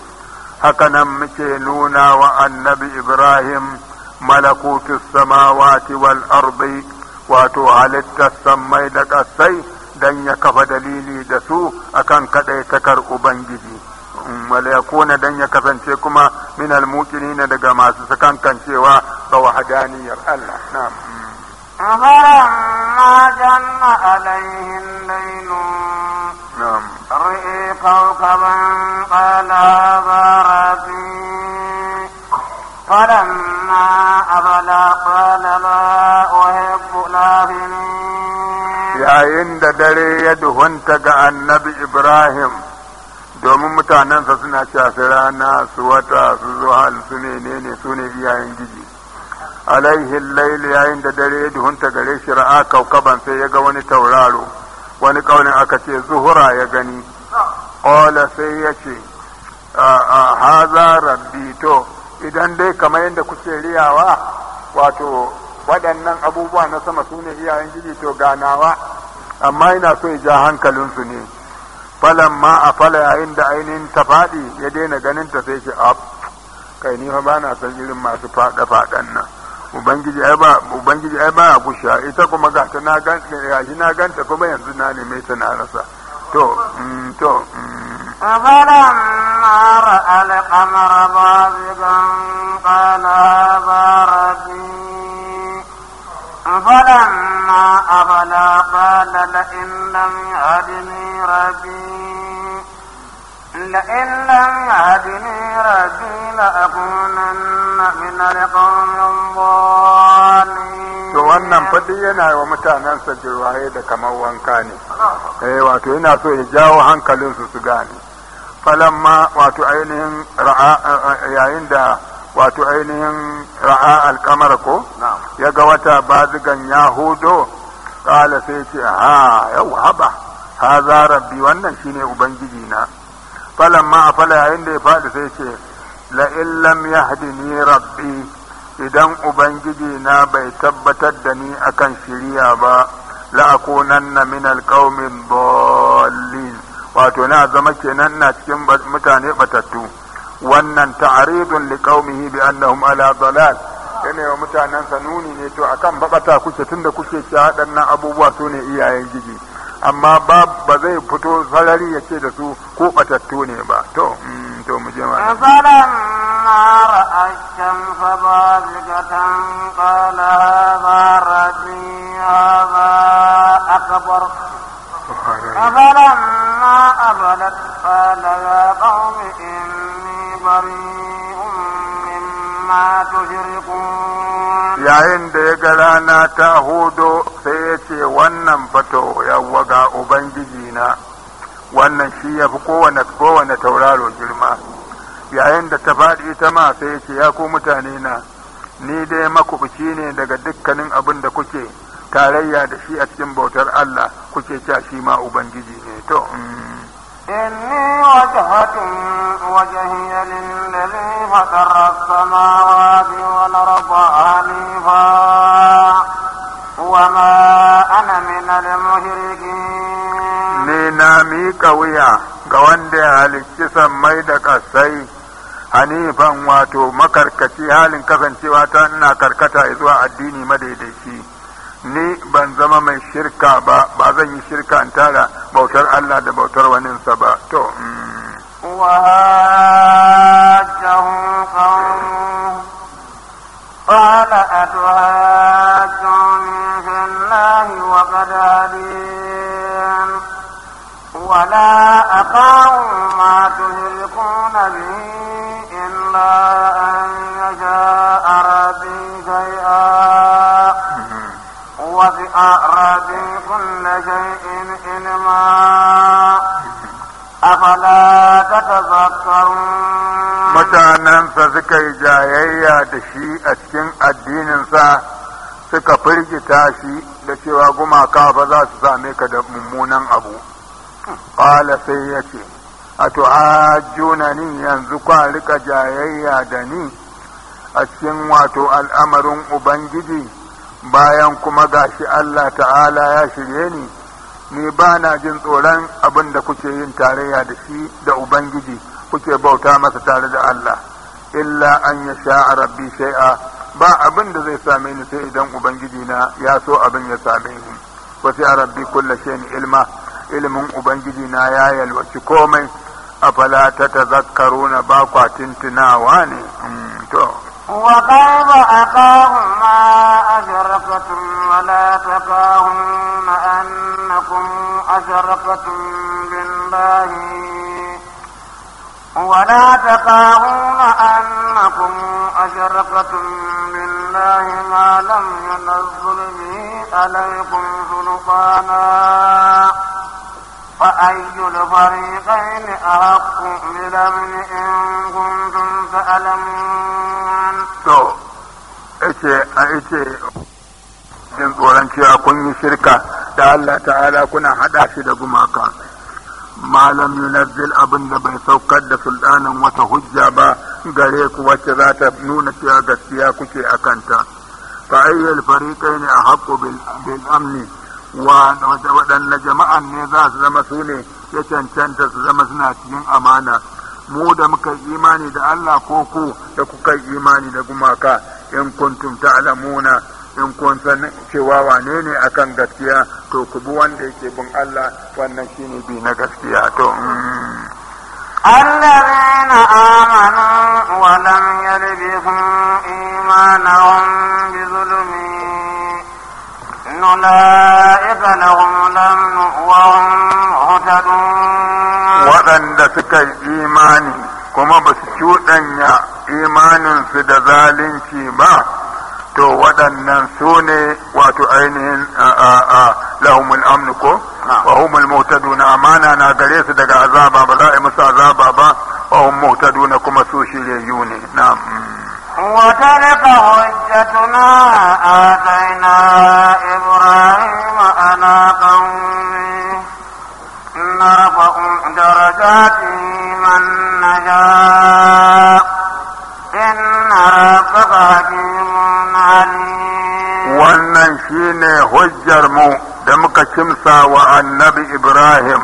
هكنا مكينونا وأن نبي إبراهيم ملكوت السماوات والأرض واتو على السمي لك السي دن يكف دليلي دسو أكن كدي تكر أبن وليكون دن يكفن شكما من الموكنين دقا ما سكان كان شواء da wahadaniyar Allah na'am فلما جن عليه الليل نعم رئي كوكبا قال هذا ربي فلما أبلى قال لا أحب الآفلين yayin da dare ya duhunta ga annabi Ibrahim domin mutanensa suna shafi rana su wata su zuwa su ne ne su ne iyayen giji alaihi al-layl yayin da dare ya duhunta gare shi ra'a kaukaban sai ya ga wani tauraro wani kaunin aka ce zuhura ya gani qala sai ya ce haza rabbi to idan dai kamar yadda kuke riyawa wato waɗannan abubuwa na sama su ne iyayen gidi to ganawa amma ina so ya ja hankalinsu ne falan ma a fala yayin da ainihin ta faɗi ya daina ganin ta sai shi kai ni fa ba na san irin masu faɗa-faɗan nan ubangiji ai ba ubangiji ai ba busha ita kuma ga ta na ganta ya shi na ganta kuma yanzu na neme ta na rasa to mm, to فلما رأى القمر بازغا قال هذا ربي فلما قال لئن لم يهدني ربي لئن لم يهدني ربي لأكونن من القوم الضالين to wannan faɗi yana wa mutanensa jirwaye da kamar wanka ne eh wato yana so ya jawo hankalin su gane falamma wato ainihin ra'a eh, yayin da wato ainihin ra'a alkamar ko ya ga wata bazigan ya hudo kala sai ce ha yau haba ha za rabbi wannan shine ubangiji na a afala yayin da ya faɗi sai ce la illam ni rabbi idan ubangiji na bai tabbatar da ni akan shiriya ba la na min alqaumin dallin wato na zama kenan na cikin mutane batattu wannan ta'aridun liqaumihi bi annahum ala dalal yana wa mutanen sanuni ne to akan babata kuke tunda kuke ci waɗannan abubuwa su ne iyayen gidi amma ba ba zai fito sarari ya ce da su ko batattu ne ba to mm, to mu je ma falan ma ra'a shamsa bazigatan qala hadha rabbi hadha akbar فلما أبلت قال يا قوم إني بريء yayin da ya ga rana ta hudo sai ya ce wannan fato yawwa ga ubangiji na wannan shi ya fi kowane tauraro girma yayin da ta faɗi ita ma sai ya ce ya ku mutane na ni dai makubuci ne daga dukkanin abin da kuke tarayya da shi a cikin bautar Allah kuke cewa shi ma ubangiji ne to mm. إني وجهت وجهي للذي فتر السماوات والأرض حنيفا وما أنا من المشركين نينا ميكا ويا قواندي هالكي سميدك السيد hanifan wato makarkaci halin kasancewa ta ina karkata zuwa addini madaidaici ni ban zama mai shirka ba ba zan yi shirka in tara bautar Allah da bautar waninsa ba to قال أتهاجوني في الله وقد هدين ولا أخاف mutanensa suka yi jayayya da shi a cikin addininsa suka firgita shi da cewa gumaka ba za su same ka da mummunan abu ƙwala sai ya ce a juna ni yanzu kwa rika jayayya da ni a cikin wato al'amarin ubangiji bayan kuma gashi Allah ta'ala ya shirye ni ni ba na jin tsoron abin da kuke yin tarayya da shi da ubangiji kuke bauta masa tare da Allah illa an ya sha rabbi shay'a ba abin da zai same ni sai idan ubangiji na ya so abin ya same ni wa sai rabbi kulli shay'in ilma ilmin ubangiji na ya yalwaci komai afala tatazakkaruna ba kwa tintinawa ne hmm, to وقال أخاهم ما أشركتم ولا تخافون أنكم أشركتم بالله ولا تخافون أنكم أشركتم بالله ما لم ينزل به عليكم سلطانا فأي الفريقين أحق بالأمن إن كنتم تعلمون jin tsoron cewa kun yi shirka da Allah ta'ala kuna haɗa shi da gumaka malam yunazzil abin da bai saukar da sultanin wata hujja ba gare ku wacce za ta nuna cewa gaskiya kuke a kanta fa ayyul fariqain ahqqu bil amni wa waɗanne jama'an ne za su zama su ne ya cancanta su zama suna cikin amana mu da muka yi imani da Allah ko ku da kuka yi imani da gumaka in kuntum ta'lamuna in kun san cewa wane ne a kan gaskiya to ku bi wanda yake bin Allah wannan shi ne bi na gaskiya to mm. allazina amanu wa lam yarbihu imanuhum bi zulmi nuna ibnahum lam wa hum hudan wadanda suka imani kuma basu cudanya imanin su da zalunci ba to waɗannan su ne wato ainihin lahumul amnu ko wa humul muhtaduna amana na gare su daga azaba ba za a yi musu azaba ba wa hum muhtaduna kuma su shiryayyu ne na'am وتلك حجتنا آتينا إبراهيم على قومه نرفع درجات من نشاء suka kimsa wa annabi Ibrahim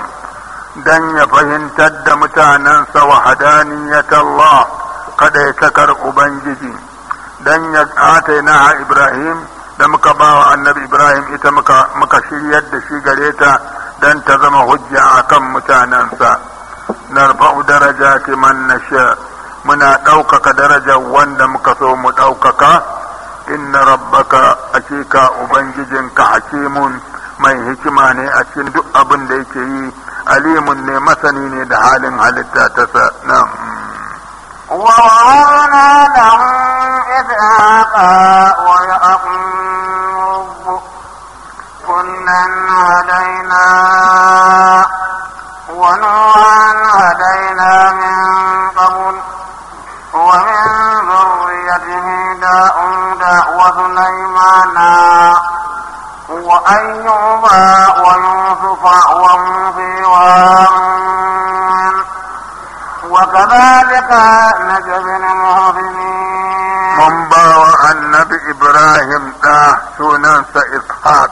don ya fahimtar da mutanensa wa hadaniyatallah kada ya takar Ubangiji don ya ataina Ibrahim da muka ba wa annabi Ibrahim ita muka shiryar da shi gare ta don ta zama hujja a kan mutanensa. Narfa'u darajati man nasha muna ɗaukaka darajar wanda muka so mu ɗaukaka inna rabbaka akika ubangijinka hakimun mai hikima ne a cikin duk abin da yake yi alimun ne masani ne da halin halitta ta sa na ووهبنا لهم إسحاق ويعقوب كلا هدينا ونوحا هدينا من قبل ومن ذريته داود وسليمان وأيوب رمزي وآمين وكذلك نجزي المحسنين من باوى النبي إبراهيم دا سننسى إسحاق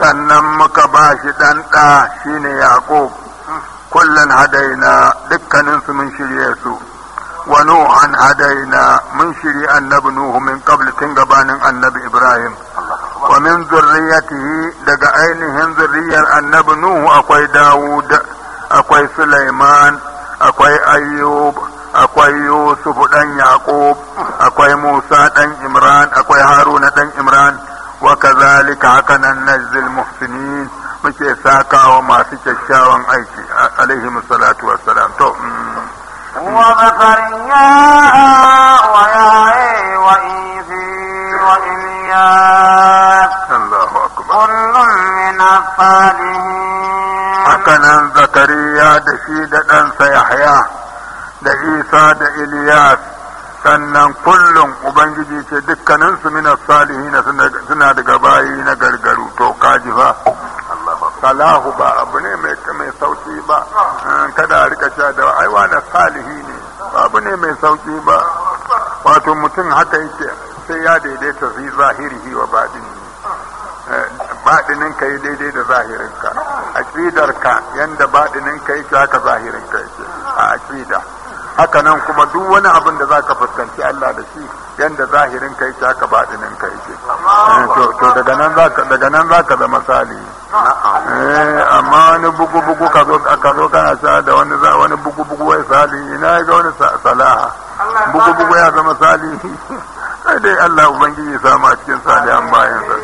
sannan muka ba shi ɗan ɗa shi ne yaƙub kullum hadaina dukkaninsu mun shirye su wa nuhan hadaina mun shirye annabi nuhu min qabl tun gabanin annabi ibrahim wa min zurriyatihi daga ainihin zurriyar annabi nuhu akwai dawud akwai sulaiman akwai ayyub akwai yusuf dan yaqub akwai musa dan imran akwai haruna dan imran wa kazalika hakanan najzil muhsinin muke sakawa masu kyakkyawan aiki alaihi salatu wassalam to وزكريا ويعي وإيثي وإلياس kullum hakanan zakariya da shi da ɗansa yahya da isa da iliyas sannan kullum ubangiji ce dukkaninsu salihi na suna daga bayi na gargaru to kaji fa salahu ba abu ne mai sauki ba kada a rika sha da aiwa na salihi ne abu ne mai sauki ba wato mutum haka yake sai ya daidaita fi zahirihi wa baɗin baɗinin ka yi daidai da zahirin ka aqidar ka yanda baɗinin ka yake haka zahirin ka yake a aqida haka nan kuma duk wani abin da zaka fuskanci Allah da shi yanda zahirin ka yake haka baɗinin ka yake eh, to to daga nan zaka daga nan zaka zama sali eh, amma wani bugu bugu ka zo ka zo kana sha da wani wani bugu bugu wai sali ina ga wani salaha bugu bugu ya zama sali sai dai Allah ubangiji samu a cikin salihan bayansa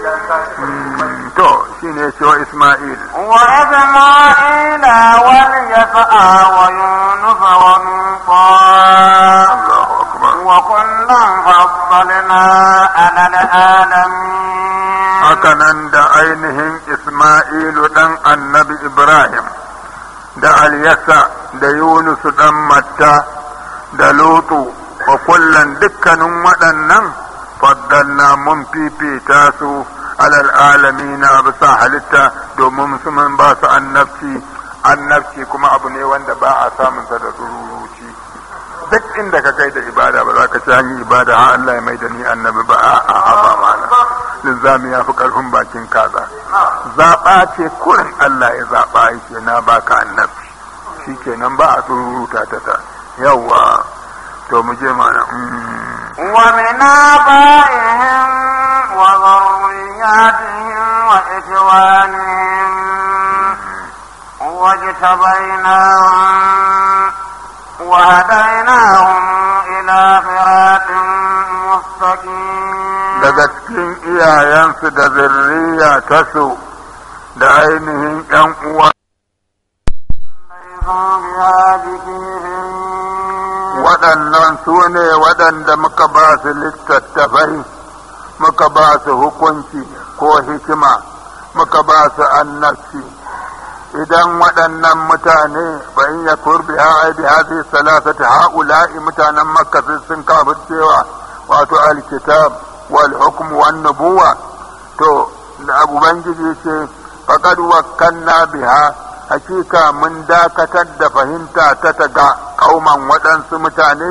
hmm, to shine cewa Isma'il wa Isma'ila ya yasa'a wa Yunus wa Allahu wa kullan faddalna ana alamin haka nan da ainihin Isma'ilu dan Annabi Ibrahim da Aliyasa da Yunus dan Matta da Lutu wa kullan dukkanin waɗannan faddalna mun fifita su alal alamina bisa halitta domin su ba su annabci kuma abu ne wanda ba a samun sa da tsururuci duk inda ka kai da ibada ba za ka ci hanyar ibada ha Allah ya mai da ni annabi ba a a ba mana lizami ya fi karfin bakin kaza zaɓa ce kurin Allah ya zaɓa yake na baka annabci kenan ba a tsururuta ta ta yawwa to mu je mana mm. wa min abaihim wa zurriyatihim wa ikwanihim واجتبيناهم وهديناهم إلى صراط مستقيم daga cikin iyayensu da zirriya tasu da ainihin ‘yan uwa. waɗannan su ne waɗanda muka ba su littattafai muka ba su hukunci ko hikima muka ba su annabci idan waɗannan mutane ba in ya kurbi ha'a bi hadhihi salasati haula'i mutanen makasi sun cewa wato alkitab wal hukum wan nubuwa to da ubangiji ce faqad wakkanna biha hakika mun dakatar da fahimta ta taga kauman waɗansu mutane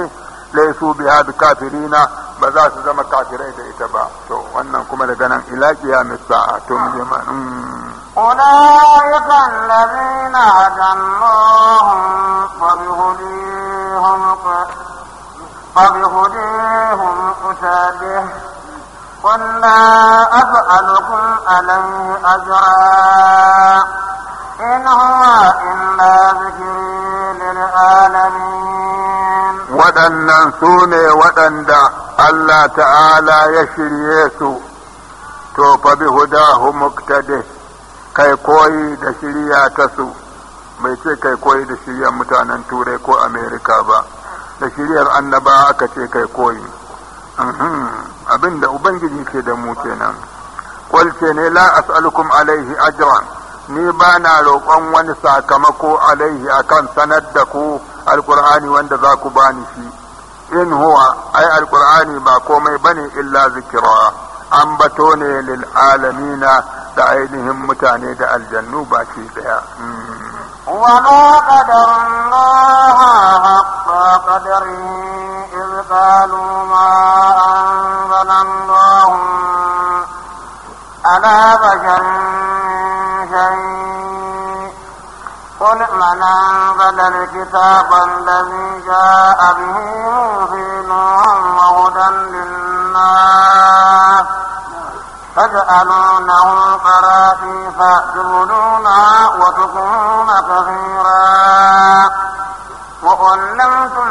laisu biha bi kafirina ba za su zama kafirai da ita ba to wannan kuma daga nan ila qiyamis sa'a to mu je ma أولئك الذين waɗannan هو إلا waɗanda للعالمين ta'ala سوني shirye الله تعالى يشري يسوع to fa bi hudahu muqtadi kai koyi da shirya ta su bai ce kai koyi da shiryar mutanen turai ko amerika ba da shiryar annaba aka ce kai koyi abinda ubangiji ke da mu kenan kwalce ne la as'alukum alaihi ajran ni ba na roƙon wani sakamako alaihi a kan sanar da ku alƙur'ani wanda za ku bani shi in huwa ai alƙur'ani ba komai bane illa zikira an bato ne lil alamina da ainihin mutane da aljannu ba daya وما قدر الله حق قدره إذ قالوا ما أنزل الله على بشر شيء قل من أنزل الكتاب الذي جاء به موسى وهدى للناس تجعلونه قرائف تبدونها وتكون كثيرا وعلمتم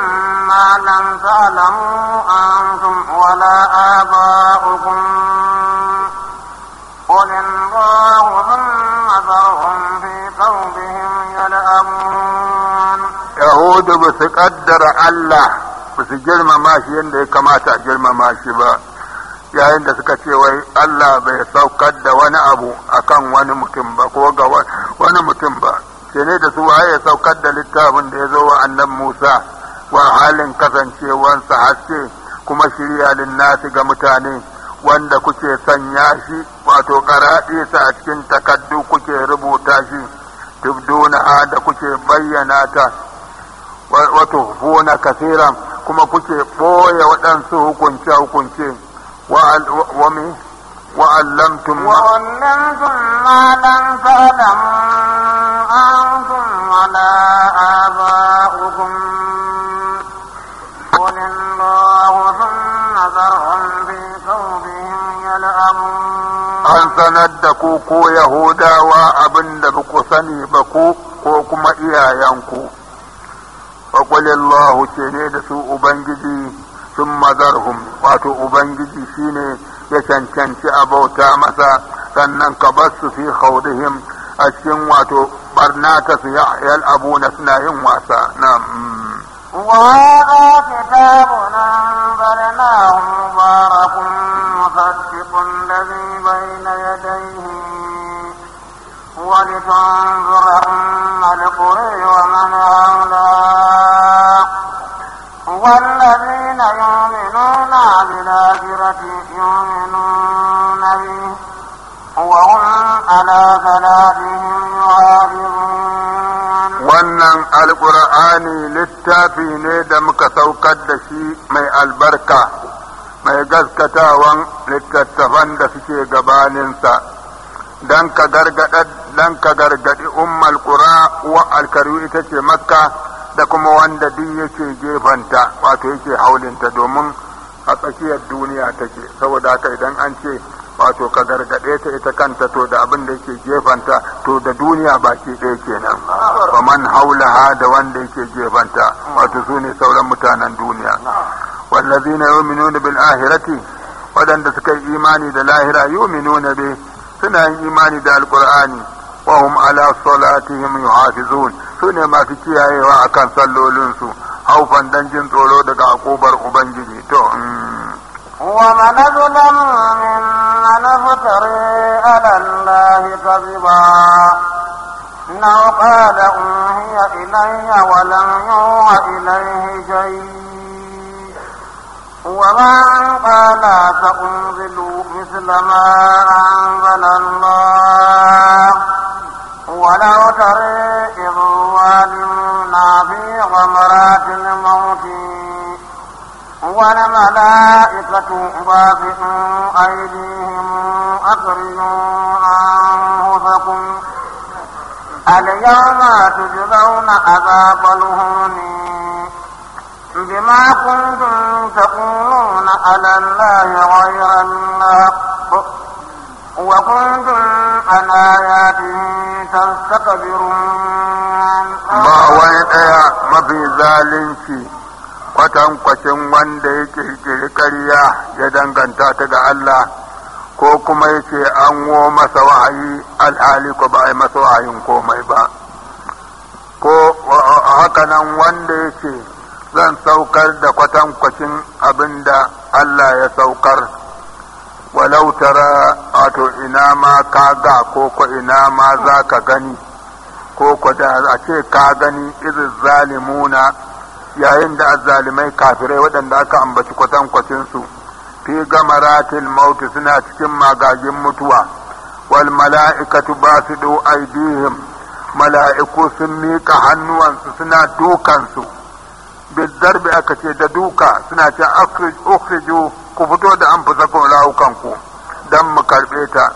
ما لم تعلموا أنتم ولا آباؤكم da ba su kaddara Allah ba su girmama shi yadda ya kamata a girmama shi ba yayin da suka ce wai Allah bai saukar da wani abu akan wani mutum ba ko ga wani mutum ba ce ne da su waye ya saukar da littafin da ya zo wa annan Musa wa halin kasancewansa haske kuma shirya linnasi ga mutane wanda kuke sanya shi wato karaɗe sa a cikin takaddu kuke rubuta shi duk duna da kuke bayyana ta wa tuhfuna kaseeran kuma kuke boye waɗansu hukunce hukunce wa me wa allamtum wa allamtum ma lam ta'lamu antum wala aba'ukum qul illahu thumma zarhum fi qawlihim yal'amun an sanar da ku ko yahudawa abinda ba ku sani ba ko kuma iyayenku فقل الله تشهد سوء بنجدي ثم ذرهم واتو بنجدي شيني يشن شنش أبو تامسا سنن قبس في خوضهم أشن واتو برناك في أحيى الأبو واسا نعم وهذا كتاب أنزلناه مبارك مصدق الذي بين يديه ولتنظر أم القرى alƙur'ani littafi ne da muka saukar da shi mai albarka mai gaskatawan littattafan da suke gabaninsa don ka gargaɗi ummal ƙura wa alkaru ita ce makka da kuma wanda duk yake gefanta wato yake haulinta domin a tsakiyar duniya take saboda haka idan an ce wato ka gargaɗe ta ita kanta to da abin da yake jefanta to da duniya baki ɗaya kenan wa man haulaha da wanda yake gefanta wato su ne sauran mutanen duniya wallazina yu'minuna bil ahirati wadanda suka yi imani da lahira yu'minuna bi suna yin imani da alqur'ani wa hum ala salatihim yuhafizun su ne masu kiyayewa akan sallolinsu haufan dan jin tsoro daga akobar ubangiji to mm. ومن أظلم ممن افتري على الله كذبا نوقاد قال أوحي إلي ولم يوحى إليه شيء ومن قال سأنزل مثل ما أنزل الله ولو ترى إذ الظالمون في غمرات الموت والملائكة باسطوا أيديهم أخرجوا أنفسكم اليوم تجزون عذاب الهون بما كنتم تقولون على الله غير الحق وكنتم عن آياته تستكبرون ba wani ما في ذلك kwatankwacin wanda ya ƙirƙiri ƙarya ya danganta ta ga Allah ko kuma ya ce an wo masa wahayi alhali ko ba a masa wahayin komai ba ko hakanan wanda ya zan saukar da kwatankwacin abin da Allah ya saukar walau tara wato ina ma ka ga ko ko ina ma za ka gani ko ko da a ce ka gani izin zalimuna yayin da azzalimai kafirai waɗanda aka ambaci kwatankwacin su fi gamaratil mauti suna cikin magagin mutuwa wal mala'ikatu basidu aidihim mala'iku sun miƙa hannuwansu suna dukansu zarbi aka ce da duka suna ce ukhriju ku fito da an fusa kun ku don mu karɓe ta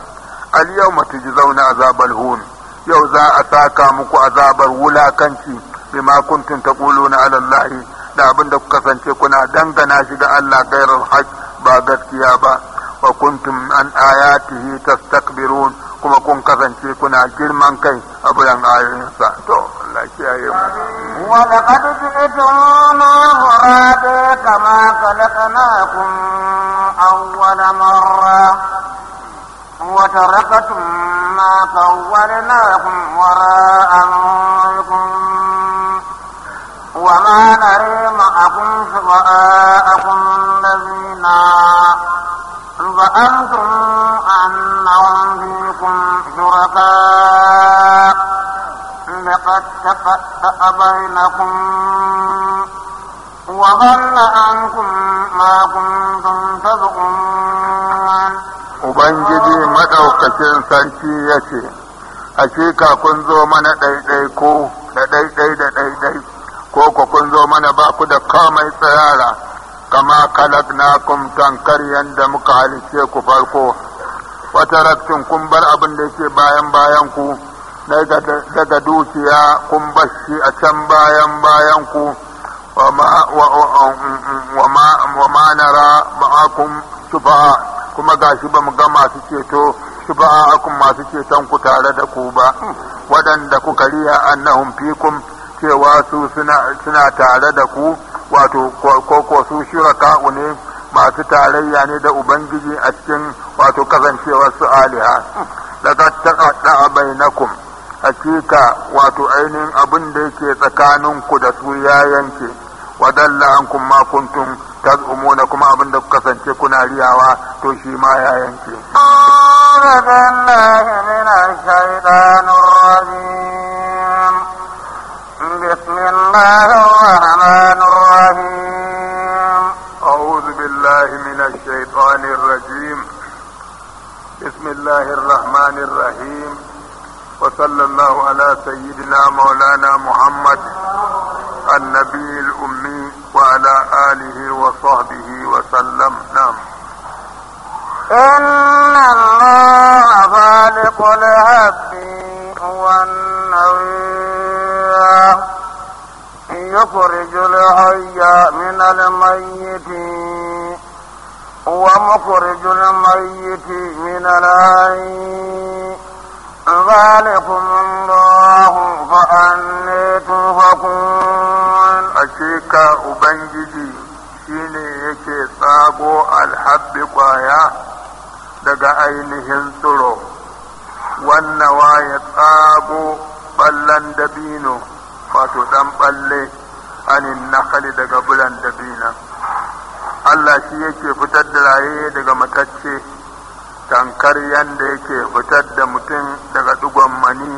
al yau matu ji zauna azabal hun yau za a saka muku azabar wulakanci bima kuntum taquluna ala allahi da abin da kasance kuna dangana shi ga Allah gairar hajj ba gaskiya ba wa kuntum an ayatihi tastakbirun kuma kun kasance kuna girman kai a bulan ayoyinsa to Allah kiyaye mu wa laqad ji'tuna murada kama khalaqnakum awwala marra wa taraktum ma khawwalnakum wara'a ankum وما نرى معكم شفعاءكم الذين زعمتم أنهم فيكم شركاء لقد تقطع بينكم وضل عنكم ما كنتم تزعمون Ubangiji maɗaukakin sarki ya ce, Hakika kun zo mana ɗaiɗaiko da ɗaiɗai da ɗaiɗai. ko ku kun zo mana ba ku da kamai tsirara kama kalaknakum tankar yadda muka halice ku farko wataraktin kun bar abin da yake bayan bayan ku daga dukiya kun bashi a can bayan bayan ku wa ma nara shufa'a kuma gashi ba mu ga masu ceto akun masu ceton ku tare da ku ba waɗanda ku riya annahum fikum cewa su suna tare da ku wato ko su shuraka ne masu tarayya ne da ubangiji a cikin wato kasancewar su aliha laqad a bainakum hakika wato ainihin abin da yake ku da su ya yanke wadalla an kuma kuntum na kuma abin da kasance kuna riyawa to shi ma ya yanke الله الرحمن الرحيم أعوذ بالله من الشيطان الرجيم بسم الله الرحمن الرحيم وصلى الله على سيدنا مولانا محمد النبي الأمي وعلى آله وصحبه وسلم نعم إن الله خالق الهبين يخرج الحي من الميت ومخرج الميت من الحي ذلكم الله فأني تؤفكون أشيك أبنجدي shine yake tsago alhabbi kwaya daga ainihin tsiro wannan ya tsago ballan dabino wato dan balle anin nakali daga bulan dabina Allah shi yake fitar da raye daga matacce tankar yanda yake fitar da mutum daga dugon mani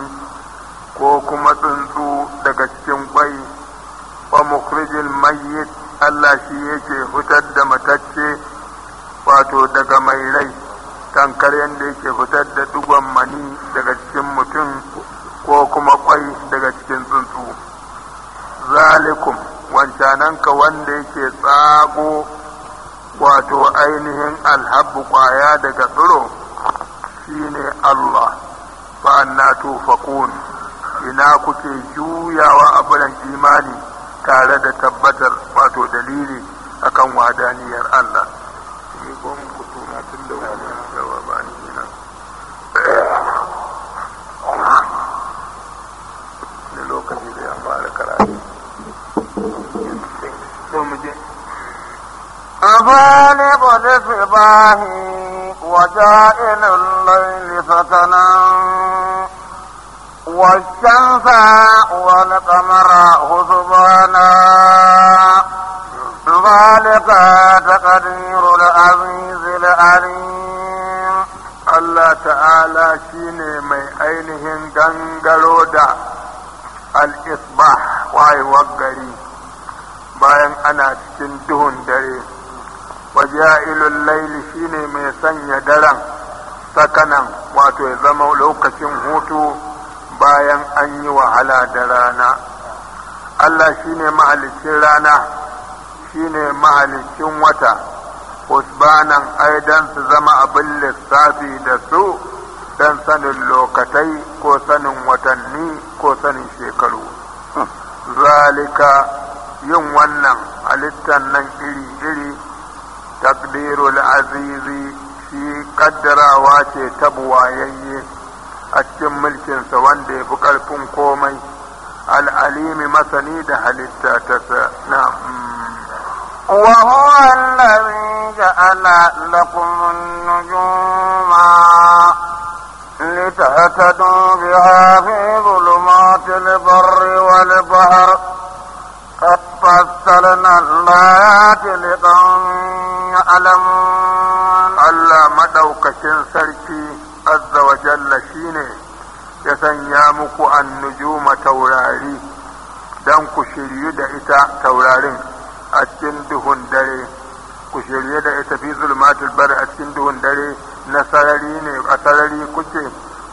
ko kuma tsuntsu daga cikin kwai wa mukhrijil mayyit Allah shi yake fitar da matacce wato daga mai rai tankar yanda yake fitar da dugon mani daga cikin mutum ko kuma kwai daga cikin tsuntsu zalikum wancananka wanda yake tsago wato ainihin alhabu kwaya daga tsiro shine Allah fa na tufakun ina kuke juyawa a abunan imani tare da tabbatar wato dalili akan wadaniyar Allah وفالق الصباح وجائل الليل سكنا والشمس والقمر حسبانا ذلك تقدير العزيز العليم الله تعالى شيني مي ainihin gangaro da al-isbah وقري باين bayan ana دريس wa ja'ilul laili shine mai sanya daren sakanan wato ya zama lokacin hutu bayan an yi wahala da rana Allah shine mahalicin rana shine mahalicin wata usbanan aidan su zama abin lissafi da su dan sanin lokatai ko sanin watanni ko sanin shekaru hmm. zalika yin wannan halittan nan iri-iri تقدير العزيز في قدر واتي تبوى يي أتم ملك سواندي بقل كومي العليم مسنيد حلتا تسا نعم وهو الذي جعل لكم النجوم لتهتدوا بها في ظلمات البر والبحر قد فصلنا maɗaukacin sarki يعلمون الله مدوككين سركي عز وجل شيني يسنيا مكو النجوم توراري dan ku shiryu da ita taurarin a cikin duhun dare ku shirye da ita fi zulmatul bar a cikin duhun dare na sarari ne a sarari kuke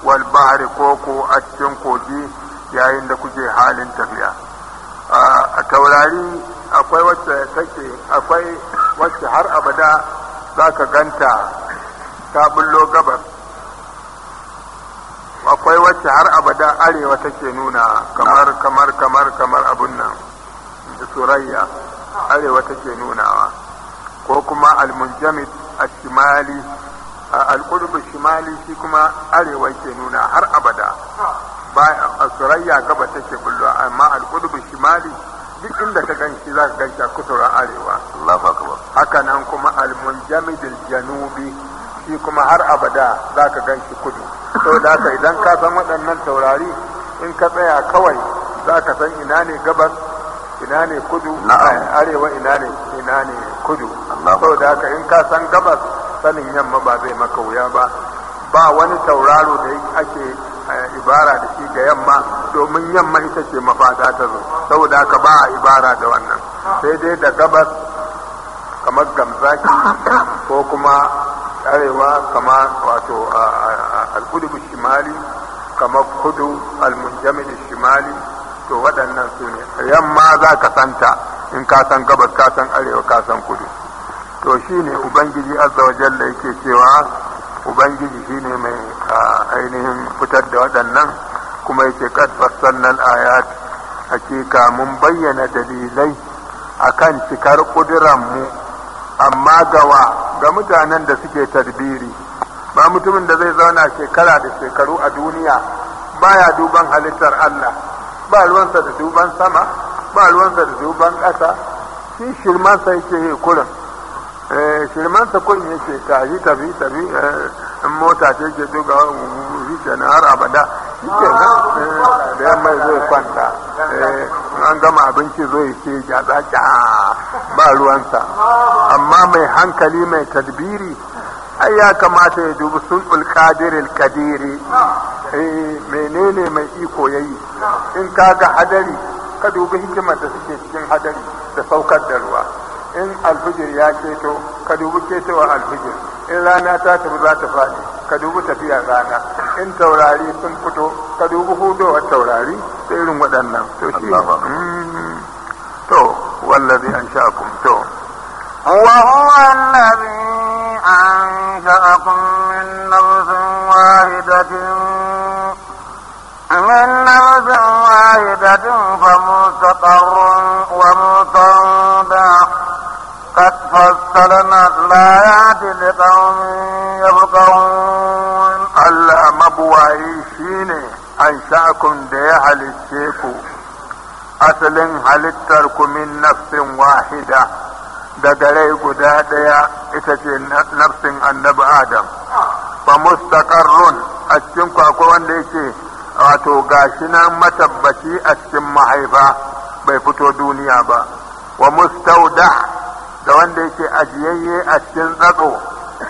wal bahri ko ko a cikin kogi yayin da kuke halin tafiya a taurari akwai wacce take akwai wacce har abada za ka ganta ta bullo gabar akwai wacce har abada arewa take nuna kamar kamar kamar kamar abun nan da surayya arewa take nunawa ko kuma Almunjamit a shimali alƙudubu shimali shi kuma arewa ke nuna har abada bayan surayya gaba take bullo amma alqudbu shimali duk inda ka ganshi za ka ganshi a arewa Allahu akbar haka nan kuma almunjamidil janubi shi kuma har abada za ka ganshi kudu saboda haka idan ka san waɗannan taurari in ka tsaya kawai za ka san ina ne gabas ina ne kudu arewa ina ne ina ne kudu saboda haka in ka san gabas sanin yamma ba zai maka wuya ba ba wani tauraro da ake ibara da shi ga yamma domin yamma ita ce mafada ta zo saboda ka ba a ibara da wannan sai dai da gabas kamar gamzaki ko kuma arewa kamar wato alkudu shimali kamar kudu almunjamid shimali to waɗannan su ne yamma za ka santa in ka san gabas ka san arewa ka san kudu to shine ubangiji azza wa jalla yake cewa ubangiji shine mai ainihin fitar da waɗannan kuma yake kad sannan ayat hakika mun bayyana dalilai a kan cikar mu amma gawa ga mutanen da suke tadbiri ba mutumin da zai zauna shekara da shekaru a duniya baya duban halittar Allah ba ruwansa da duban sama ba ruwansa da duban ƙasa shi shirmansa yake yi kurin Eh, shirman ta kurin yace tafi tafi tafi eh, mota ce ke duka shi ke na har abada shi na nan eh, da mai zai kwanta an gama abinci zai ce gyaza ah, ba ruwansa amma mai hankali mai tadbiri ai ya kamata ya dubi sun ulkadirin kadiri menene mai iko yayi in kaga hadari ka dubi hikimar da suke cikin hadari da saukar da ruwa in alfijir ya keto ka dubi ketowar alfijir in rana ta tafi za ta faɗi ka dubi tafiya rana in taurari sun fito ka dubi hudowar taurari sai irin waɗannan to shi to wallazi an sha kun to وهو الذي أنشأكم من نفس واحدة من نفس واحدة wa ومطر قد فصلنا الآيات لقوم يفقهون Allah mabuwayi shine an sha'akun da ya halicce ku asalin halittar ku nafsin wahida daga rai guda ɗaya ita ce nafsin annabi adam fa mustaqarrun a cikin ku akwai wanda yake wato gashi nan matabbaci a cikin mahaifa bai fito duniya ba wa mustauda da wanda yake ajiyayye a cikin tsatso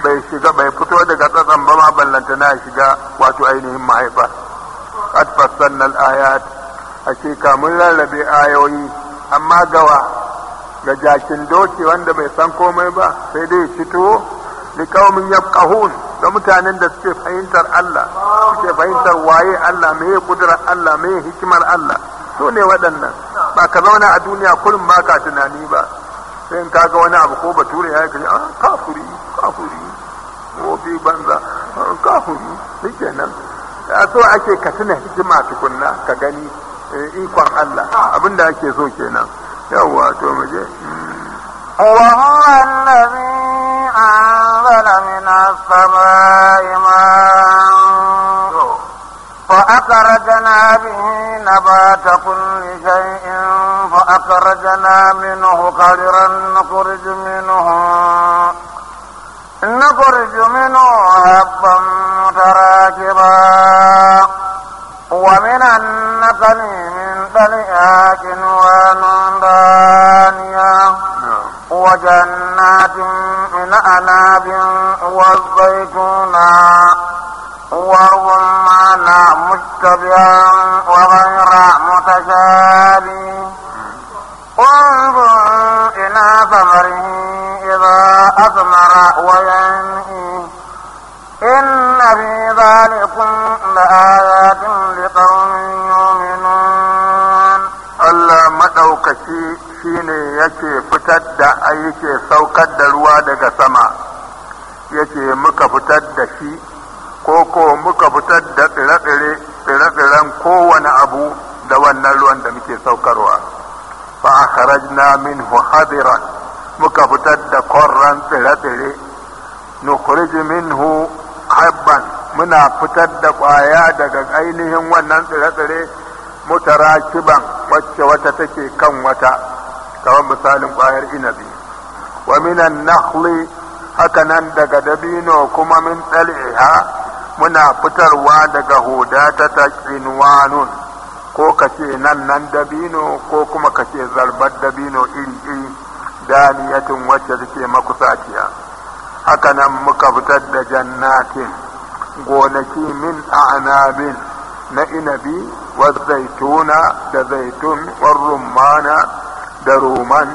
bai shiga bai fito daga tsatson ba ma ballanta na shiga wato ainihin mahaifa qad sannan al-ayat hakika mun rarrabe ayoyi amma gawa ga jakin doki wanda bai san komai ba sai dai fito liqaumin yafqahun da mutanen da suke fahimtar Allah suke fahimtar waye Allah ya kudurar Allah ya hikimar Allah su ne waɗannan ba ka zauna a duniya kullum ba ka tunani ba sai in kaga wani abu ko bature ya kace ah kafuri kafuri bi banza ah, kafuri kenan nan so ake ka tuna hikima tukunna ka gani eh, ikon Allah abinda ake so kenan yawwa to mu je وهو الذي أنزل من السماء ma'a فأخرجنا به نبات كل شيء فأخرجنا منه قدرا نخرج منه نخرج منه حبا متراكبا ومن النقل من بلئات كنوان وجنات من أناب والزيتون والرمان كان متبعا وغير متشابه انظر إلى ثمره إذا أثمر وينئي إن في ذلكم لآيات لقوم يؤمنون الله مدوكشي shine yake fitar da yake saukar da ruwa daga sama yake muka fitar da shi ko ko muka fitar da tsire-tsiren kowane abu da wannan ruwan da muke saukarwa fa na minhu hadiran muka fitar da korran tsire-tsire min hu habban muna fitar da kwaya daga ainihin wannan tsire-tsire mutarakiban wacce wata take kan wata kamar misalin kwayar inabi wa minan nakhli haka nan daga dabino kuma min tsali'a muna fitarwa daga huda ta ta ko kace nan nan dabino ko kuma kace zarbar dabino iri iri daniyatin wacce take makusaciya haka nan muka fitar da jannatin gonaki min a'nabin na inabi wa zaituna da zaitun wa rumana da ruman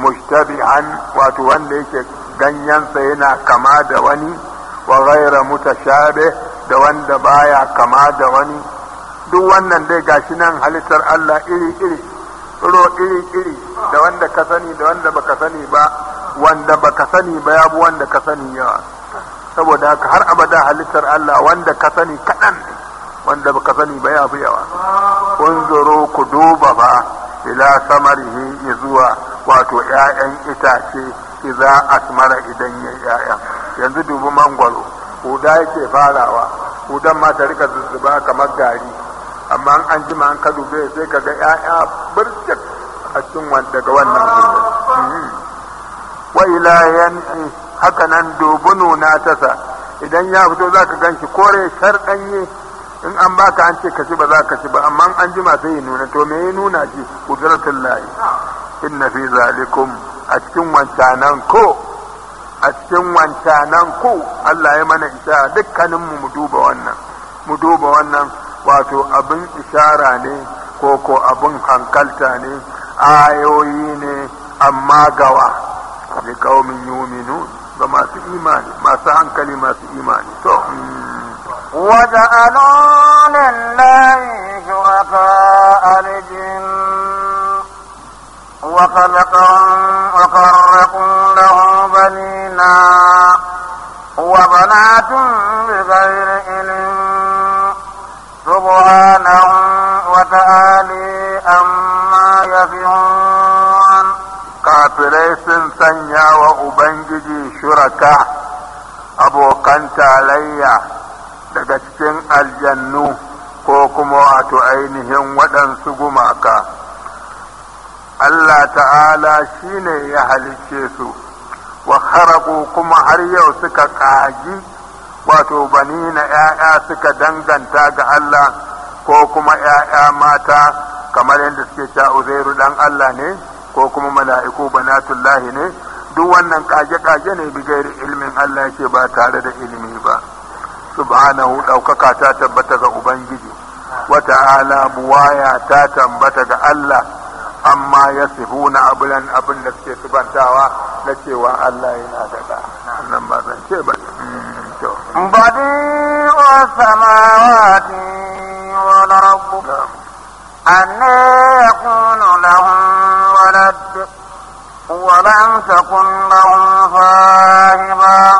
mushtabi'an wato wanda yake ganyensa yana kama da wani wa ghaira mutashabih da wanda baya kama da wani duk wannan dai gashi nan halittar Allah iri iri ro iri iri da wanda ka sani da wanda baka sani ba wanda baka sani ba ya bu wanda ka sani yawa saboda haka har abada halittar Allah wanda ka sani kaɗan wanda baka sani ba ya bu yawa unzuru ku duba ba ila samarihi zuwa wato 'ya'yan itace idza asmara idan ya 'ya'yan yanzu dubi mangwaro huda yake farawa hudan ma ta rika zuzzuba kamar gari amma an jima an ka dube sai ka ga 'ya'ya birjik a cikin daga wannan hudan mhm. wa ila yan'i haka nan nuna ta tasa idan ya fito za ka ganshi kore sharɗanye in an baka an ce ci ba za ka ci ba amma an jima sai ya nuna to me ya nuna shi kudratullahi inna fi zalikum a cikin wancanan ko a cikin wancanan ko Allah ya mana isha dukkanin mu mu duba wannan mu duba wannan wato abin ishara ne ko ko abin hankalta ne ayoyi ne amma gawa ne kaumin yuminu ga masu imani masu hankali masu imani to alonin لله شركاء alijin وخلقهم وخرقوا له بنينا وبنات بغير إلم سبحانه وتعالي أما يفعون كافري سنسنيا وأبنجي شركاء abokan talayya daga cikin aljannu ko kuma wato ودن waɗansu gumaka Allah ta'ala shine ya halicce su wa kharaqu kuma har yau suka kaji wato bani na ‘ya'ya suka danganta ga Allah ko kuma ‘ya'ya mata kamar yadda suke cewa uzairu dan Allah ne ko kuma mala'iku banatullahi ne duk wannan kage-kage ne bigairi ilmin Allah yake ba tare da ilimi ba subhanahu ɗaukaka ta tabbata ga ubangiji wa ta'ala buwaya ta tabbata ga Allah amma ya sifu na abulan abin da suke subantawa na cewa Allah yana da ɗa nan ba zan ce ba hmm, to badi wa samawati wa rabbu anna yakunu lahum walad ولم تكن لهم صاحبا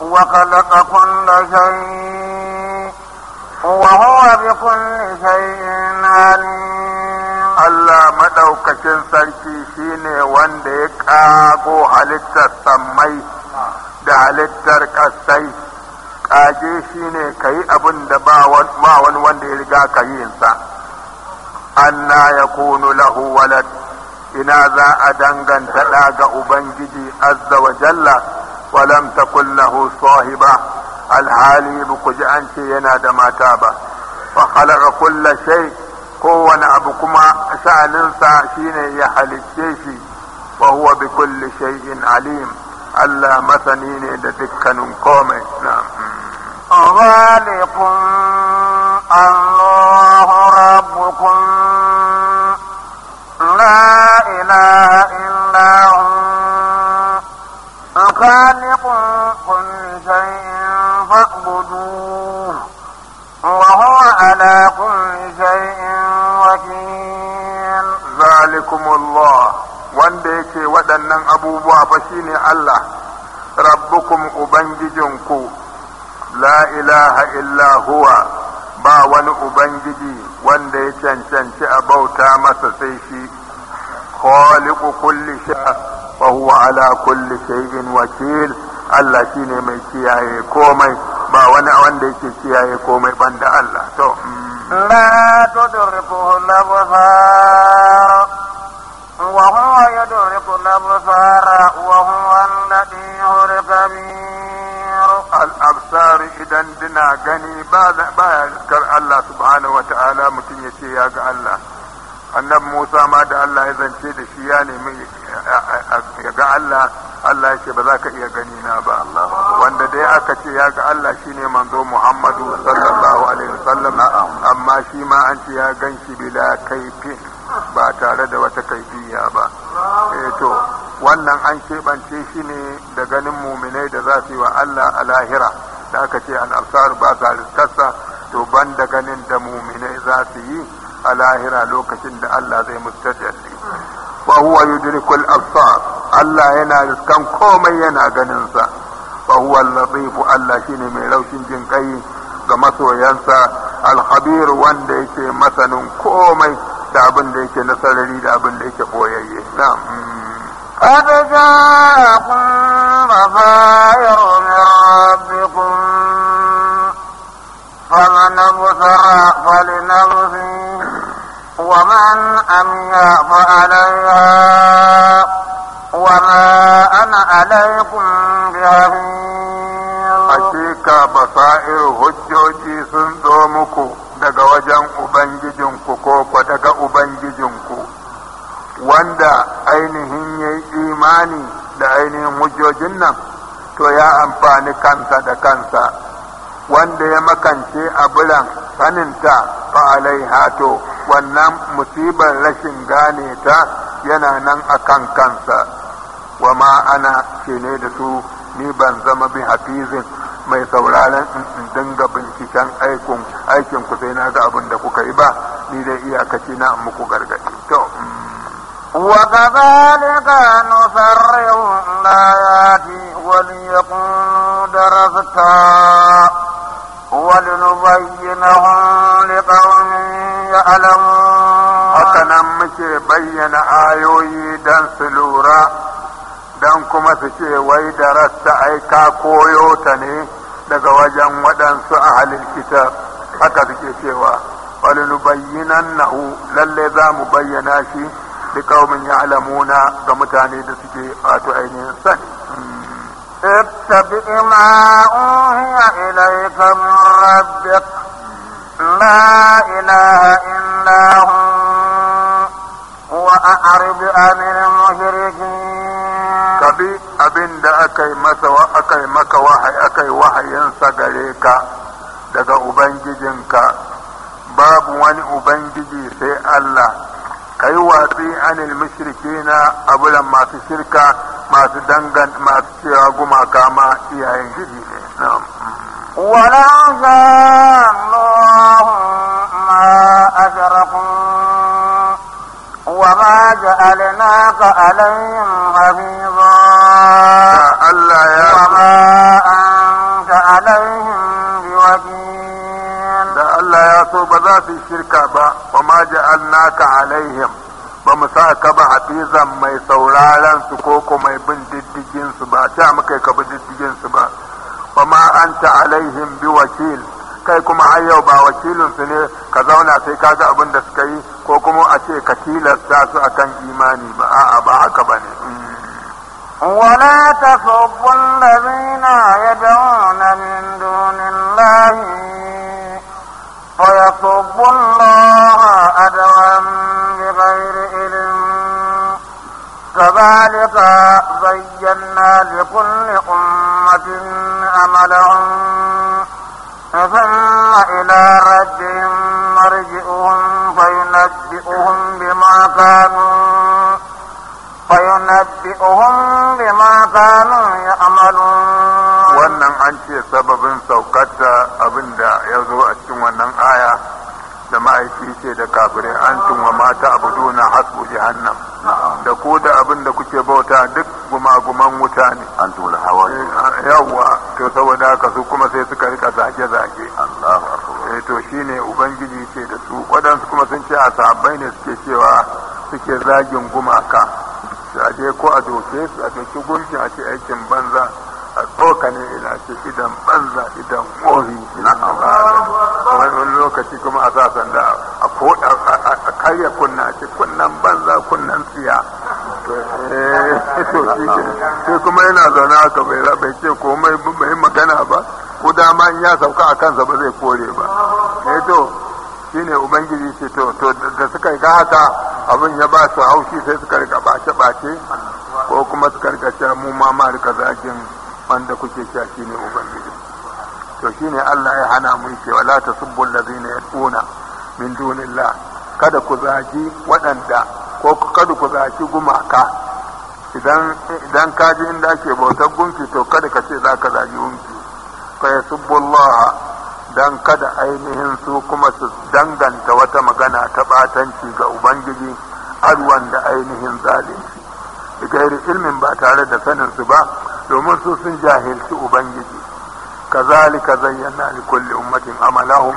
وخلق كل شيء وهو بكل شيء عليم Allah maɗaukacin sarki shine wanda ya ƙago halittar sammai da halittar ƙasai ƙage shine ka yi abin da ba wani wanda ya riga ka yinsa anna ya kunu lahu walad ina za a danganta ɗa ga ubangiji azza wa jalla walam ta lahu sahiba alhali ba ku ji an ce yana da mata ba fa kulla shay' kowane abu kuma sha'aninsa shine ya halicce shi wa huwa bi kulli shay'in alim Allah masani ne da dukkanin komai na'am Allah rabbukum la ilaha waɗannan abubuwa ba shine Allah rabbukum ubangijinku la ilaha illa huwa ba wani ubangiji wanda ya cancanci a bauta masa sai shi khaliqu kulli sha wa huwa ala kulli shay'in wakil Allah shine mai kiyaye komai ba wani wanda yake kiyaye komai banda Allah to mm. la tudrifu al وهو يدرك الأبصار وهو اللطيف الخبير الأبصار إذا دنا غني با يذكر الله سبحانه وتعالى متين يا الله annabi Musa ma da Allah ya zance da shi ya nemi ya ga Allah Allah ya ce ba za ka iya gani na ba wanda dai aka ce ya ga Allah shine manzo Muhammadu sallallahu alaihi wasallam amma shi ma an ce ya gan shi bila kaifin ba tare da wata kaifiya ba eh to wannan an keɓance shi ne da ganin muminai da za su yi wa Allah a lahira da aka ce an al'absar ba su riskarsa to ban da ganin da muminai za su yi a lahira lokacin da Allah zai mustajalli wa huwa yudrikul absar Allah yana riskan komai yana ganin sa fa huwa al-latif Allah shine mai raushin jin kai ga masoyansa al-khabir wanda yake masanin komai da abin da yake na sarari da abin da yake boyayye na'am قد جاءكم بصائر من ربكم فمن ابصر فلنفسه ومن أمي فعليها وما أنا عليكم بحفيظ أشيك بصائر هجوجي سندومكم daga wajen ubangijinku ko ku daga ubangijinku wanda ainihin ya yi imani da ainihin hujjojin nan to ya amfani kansa da kansa wanda ya makance a bulan saninta fa alaiha to wannan musibar rashin gane ta yana nan a kan kansa wa ma ana ne da su ni ban zama bi hafizin mai sauraron in dinga binciken aikin aikin ku sai na ga abin da kuka yi ba ni dai iyakaci na muku gargaɗi to وكذلك نسرع الآيات وليقولوا درستها ولنبينه لقوم يعلمون haka nan muke bayyana ayoyi dan su lura don kuma su ce wai da rasta ka koyo ta ne daga wajen waɗansu a halin kita haka suke cewa walilubayyinan nahu lalle za mu bayyana shi da kaumin ya alamuna ga mutane da suke wato ainihin sani اتبع ما أوحي إليك من ربك لا إله إلا هو وأعرض عن المشركين kabi abin da aka yi masa aka yi maka wahayi aka yi wahayinsa gare ka daga ubangijinka babu wani ubangiji sai Allah ka yi watsi anil mushriki na abulan masu shirka masu dangan masu cewa gumaka ma iyayen gidi ne ولا ظنوا ما وما جعلناك عليهم حفيظا الله يا وما أنت عليهم بوكيل da Allah ya so ba za su yi shirka ba wa ma ja'alnaka alaihim ba mu sa ka ba a fiza mai sauraron su ko ko mai bin diddigin su ba ta muka ka bi diddigin ba wa ma anta alaihim bi wakil kai kuma har yau ba wakilin su ne ka zauna sai ka ga abin da suka yi ko kuma a ce ka tilasta su akan imani ba a'a ba haka ba ne ولا تسبوا الذين يدعون من دون الله فيسبوا الله عدوا بغير علم كذلك زينا لكل أمة عملهم ثم إلى ربهم مرجعهم فينبئهم بما كانوا فينبئهم بما كانوا يعملون wannan an ce sababin saukata abin da ya zo a cikin wannan aya da ma'aiki ce da kafirai An tunwa mata abuduna hasbu jahannam da ko da abin da kuke bauta duk gumaguman wuta ne an hawa eh, yawwa to saboda haka su kuma sai suka rika zage zage E, to eh to ubangiji ce da su wadansu kuma sun ce a sabbai ne suke cewa suke zagin gumaka sai ko a doke su a doki gunkin a ce aikin banza a tsokane ina ce idan banza idan ƙofi wani lokaci kuma a sa sanda a koda a karya kunna ce kunnan banza kunnan tsiya eh, sai kuma yana zaune haka bai bai ce komai bai magana ba ko dama in ya sauka a kansa ba zai kore ba eh to shine ubangiji ce to to da suka yi haka abin ya ba su haushi sai suka rika bace bace ko kuma suka rika cewa mu ma ma rika zagin wanda kuke cewa shi ne ubangiji to shi Allah ya hana mu cewa la tasubbu allazina yad'una min dunillah kada ku waɗanda ko kada ku zaci gumaka idan idan ka ji inda ake bautar gunki to kada ka ce zaka zagi gunki fa yasubbu dan kada ainihin su kuma su danganta wata magana ta batanci ga ubangiji arwan da ainihin zalunci gairi ilmin ba tare da sanin su ba domin su sun jahilci ubangiji kazalika zayyana li kulli ummatin amalahum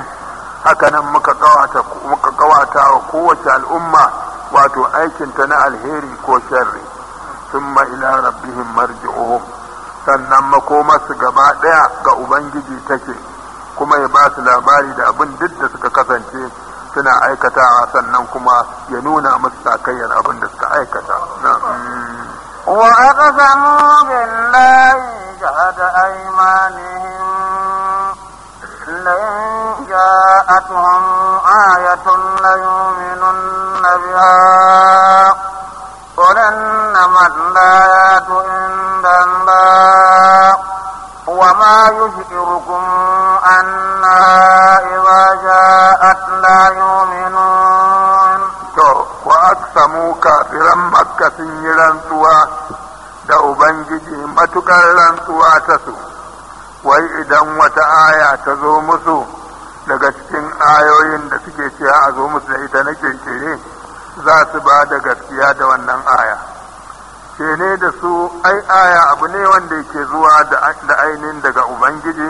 hakanan muka kawata muka kawata wa kowace al'umma wato aikin ta na alheri ko sharri thumma ila rabbihim marji'uhum sannan makoma su gaba daya ga ubangiji take kuma ya ba su labari da abin duk da suka kasance suna aikatawa sannan kuma ya nuna musu takayyar abin da suka aikata na'am وأقسموا بالله جهد أيمانهم لئن جاءتهم آية ليؤمنن بها قل إنما الآيات عند الله وما يشعركم أنها إذا جاءت لا يؤمنون to wa aksamu kafiran makka sun yi rantsuwa da ubangiji matukar rantsuwa ta su wai idan wata aya ta zo musu daga cikin ayoyin da suke cewa a zo musu da ita na kirkire za su ba da gaskiya da wannan aya Ke ne da su ai aya abu ne wanda yake zuwa da ainihin daga ubangiji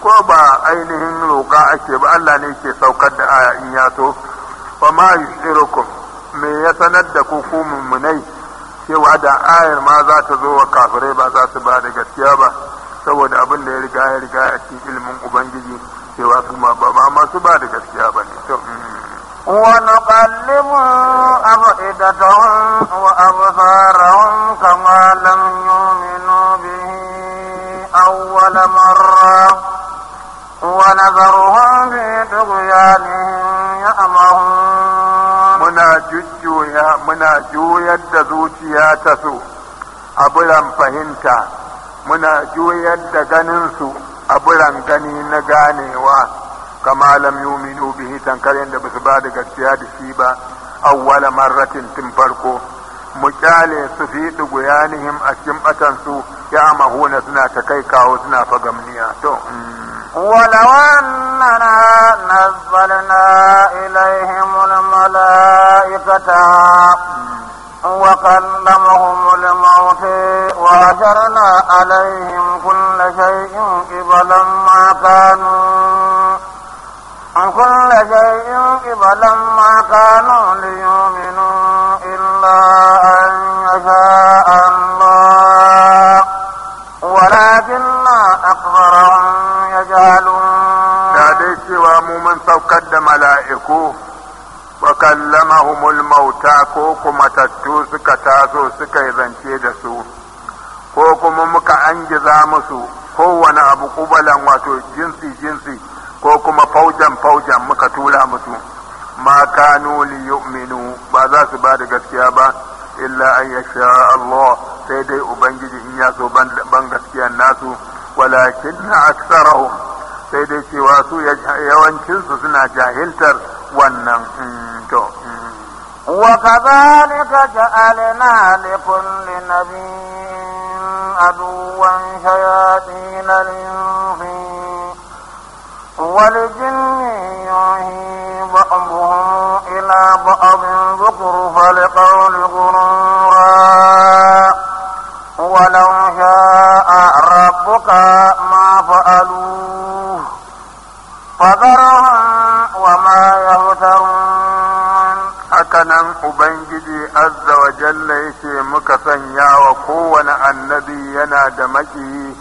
ko ba ainihin roƙa ake ba Allah ne ke saukar da aya in ya so fa ma yushirukum me ya sanar da ku ku mummunai cewa da ayar ma za ta zo wa kafirai ba za su ba da gaskiya ba saboda abin da ya riga ya riga a cikin ilimin ubangiji cewa su ma ba ma masu ba da gaskiya ba ne to ونقلب أفئدتهم وأبصارهم كما لم يؤمنوا به أول مرة ونذرهم في طغيانهم muna juyar da zuciya ta su a buran fahimta muna juyar da ganin su a buran gani na ganewa kama lam yuminu bihi tankar yadda ba su ba da gaskiya da shi ba awwala marratin tun farko mu kyale su fi ɗuguyanihim a cikin su ya mahuna suna ta kai kawo suna fagamniya to mm. ولو أننا نزلنا إليهم الملائكة وكلمهم الموت وأجرنا عليهم كل شيء قبلا ما كانوا كل شيء قبلا ما كانوا ليؤمنوا mun saukar da mala'iku wa kallamahumul mauta ko kuma tattu suka taso suka yi zance da su ko kuma muka angiza musu kowane abu kubalan wato jinsi jinsi ko kuma faujan faujan muka tula musu ma kanu li yu'minu ba za su ba da gaskiya ba illa an yasha Allah sai dai ubangiji in ya so ban gaskiya nasu walakin aktsarahum sai dai cewa su yawancinsu suna jahiltar wannan to وكذلك جعلنا لكل نبي عدوا شياطين الإنس ولجن يعهي بعضهم إلى بعض ذكر فلقول غرورا ولو شاء ربك ما فعلوه فذرهم وما يهترون hakanan ubangiji azza wa jalla yake muka sanya wa kowane annabi yana da makiyi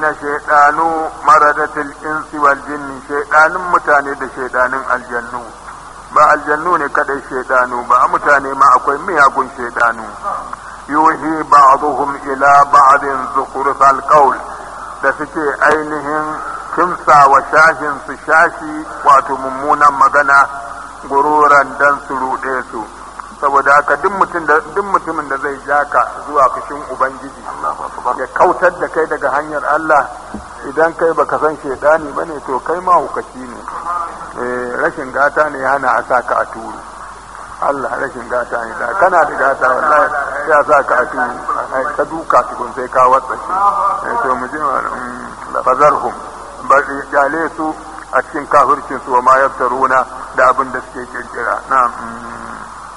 na shaiɗanu maradatul insi wal jinni shaiɗanun mutane da shaiɗanun aljannu ba aljannu ne kadai shaidanu ba mutane ma akwai miyagun shaiɗanu yuhi ba'dhum ila ba'din zukhruf al da suke ainihin sun sa wa shashin su shashi wato mummunan magana gururan dan su ruɗe su saboda haka duk mutumin da zai ja ka zuwa fushin ubangiji ya kautar da kai daga hanyar Allah idan kai baka san shedani bane to kai ma hukaci ne eh, rashin gata ne hana a sa ka a turu Allah rashin gata ne da kana da gata wallahi sai a sa ka a turu ka duka tukun sai ka watsa shi eh, to mu je mm, fazarhum ba su kyale su a cikin kafircin su wa ma yaftaruna da abin da suke kirkira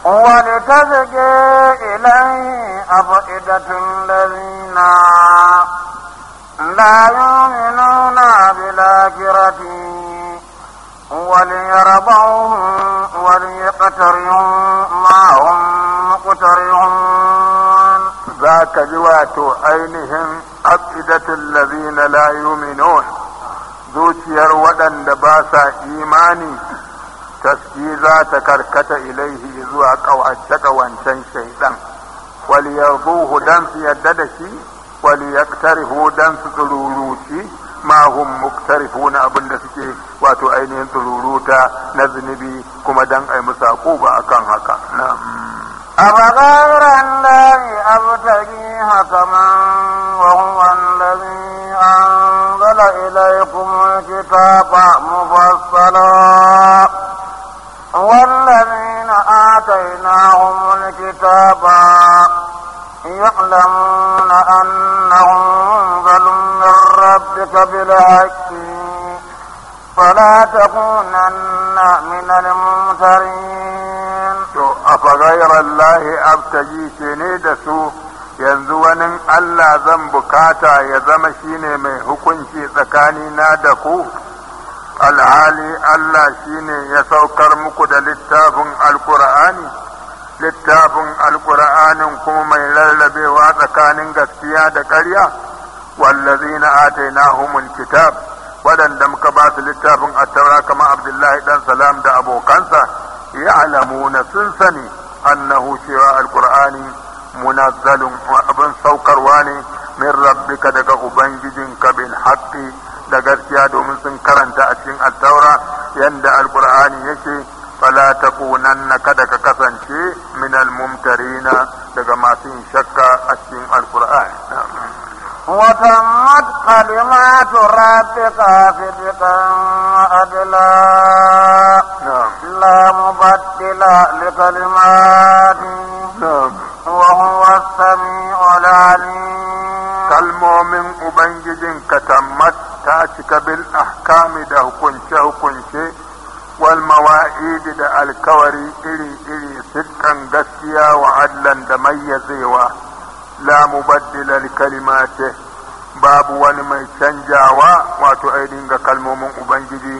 wani ta zage ilai a fa'idatun lalina la yu'minuna bila kirati, wani lin yarabahu wa lin yaqtarihum ma hum muqtarihun zaka ji wato ainihin afidatul ladina la zuciyar waɗanda ba sa imani taski za ta karkata ilaihi zuwa ƙawance-ƙawancen shaidan waliyar buhu dan su yadda da shi wali yaktarihu dan su tsururuci mahun hum muktarihu na abin da suke wato ainihin tsururuta na zunubi kuma dan ai musa ba akan haka na'am أفغير أبتغي حكما وهو الذي أنزل أنزل إليكم الكتاب مفصلا والذين آتيناهم الكتاب يعلمون أنه منزل من ربك بالحق فلا تكونن من الممترين أفغير الله أبتجي سنيد سوء yanzu wani Allah zan bukata ya zama shine mai hukunci na da ku alhali Allah shine ya saukar muku da littafin alkur'ani littafin alkur'anin kuma mai lallabewa tsakanin gaskiya da ƙarya wallazina humun kitab waɗanda muka ba su littafin attaura kama abdullahi ɗan salam da abokansa ya na sun sani annahu cewa alkur'ani منزل وابن سوكر واني من ربك دقا أبنجدنك بالحق دقا من سنكر انت أشين التورا يندى القرآن يشي فلا تكونن كدك كسن شيء من الممترين دقا ما سين شك أشين القرآن وتمت كلمات ربك صدقا وعدلا نعم. لا مبدل لكلماته نعم. وهو السميع العليم kalmomin ubangijin ka tammat ta cika bil ahkami da hukunce-hukunce wal mawa'idi da alkawari iri-iri sirkan gaskiya wa adlan da mayyazewa la mubaddila kalimate babu wani mai canjawa wato ainihin kalmomin ubangiji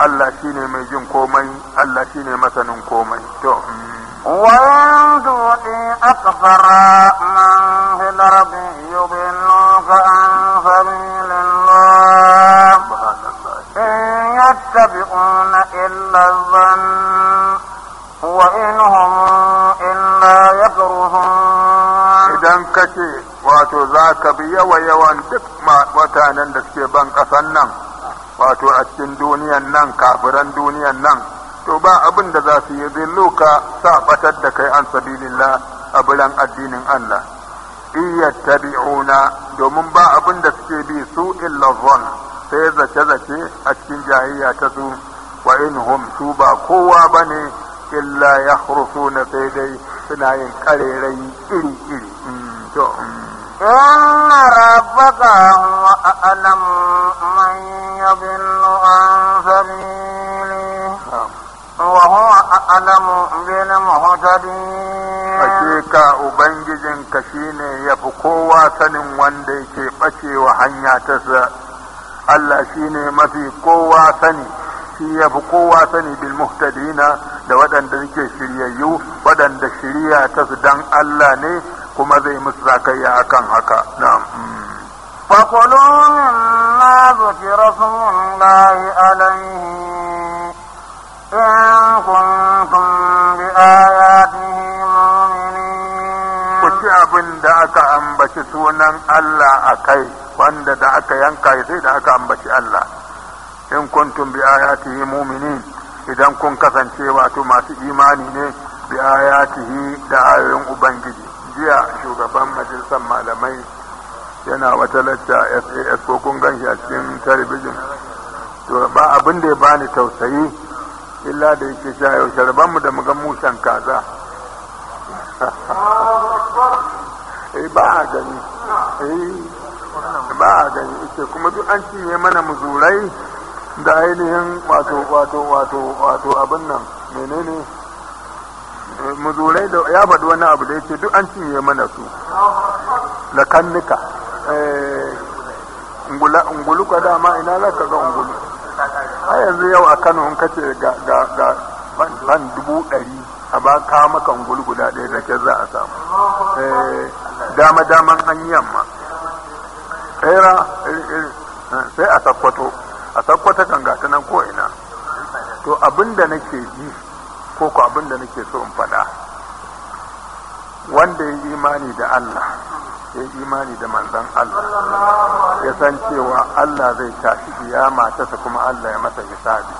Allah shine mai jin komai Allah shine masanin komai to mm. وإن تؤتي أكثر من في الأرض يضلوك عن سبيل الله إن يتبعون إلا الظن وإن هم إلا يكرهون إذا كتي wato za ka bi yawa-yawan duk mutanen da suke ban ƙasan nan wato a cikin duniyan nan kafiran duniyan nan to ba abin da za su yi loka sa batar da kai an sabilillah a biran addinin Allah tabi'una domin ba abin da suke bi su illa zon sai zace zace a cikin jahiyya ta su wa in hum su ba kowa ba bane illa na sai dai suna yin karerai iri iri إن ربك هو أعلم من يضل عن سبيله وهو أعلم بالمهتدين حقيقة أبنجزن كشيني يفقوا سن وندي كيفتي وحنيا تسا Allah shi ne mafi kowa sani shi ya kowa sani bil da waɗanda suke shiryayyu waɗanda shirya ta su dan Allah ne kuma zai musu zakayya akan haka na'am فكلوا مما ذكر اسم الله إن كنتم aka ambaci sunan allah a kai wanda da aka yanka دعك ينكي سيد أك أنبش ألا إن كنتم بآياته مؤمنين idan kun kasance wato masu imani ne bi ayatihi da ayoyin ubangiji jiya shugaban majalisar malamai yana wata lacca sas ko kun ganshi a cikin talabijin to ba abin da ya bani tausayi illa da yake sha yau sharban mu da magan musan kaza eh ba a gani eh ba a gani ita kuma duk an cinye mana muzurai da ainihin wato wato wato wato abin nan menene eh, muzurai da ya faɗi wani abu da yake duk an cinye mana su lakannika eh ungulu ka dama ina za ga ungulu a yanzu yau a kano in kace ga ga ga ban dubu ɗari a ba ka makan gulguda ɗaya da ke za a samu eh, dama daman an yamma tsera sai a sakkwato a sakkwato kan gata nan ko ina to abin da nake ji ko ko abin da nake so in faɗa wanda ya imani da Allah ya imani da manzon Allah ya san cewa Allah zai tashi mata ta kuma Allah ya masa hisabi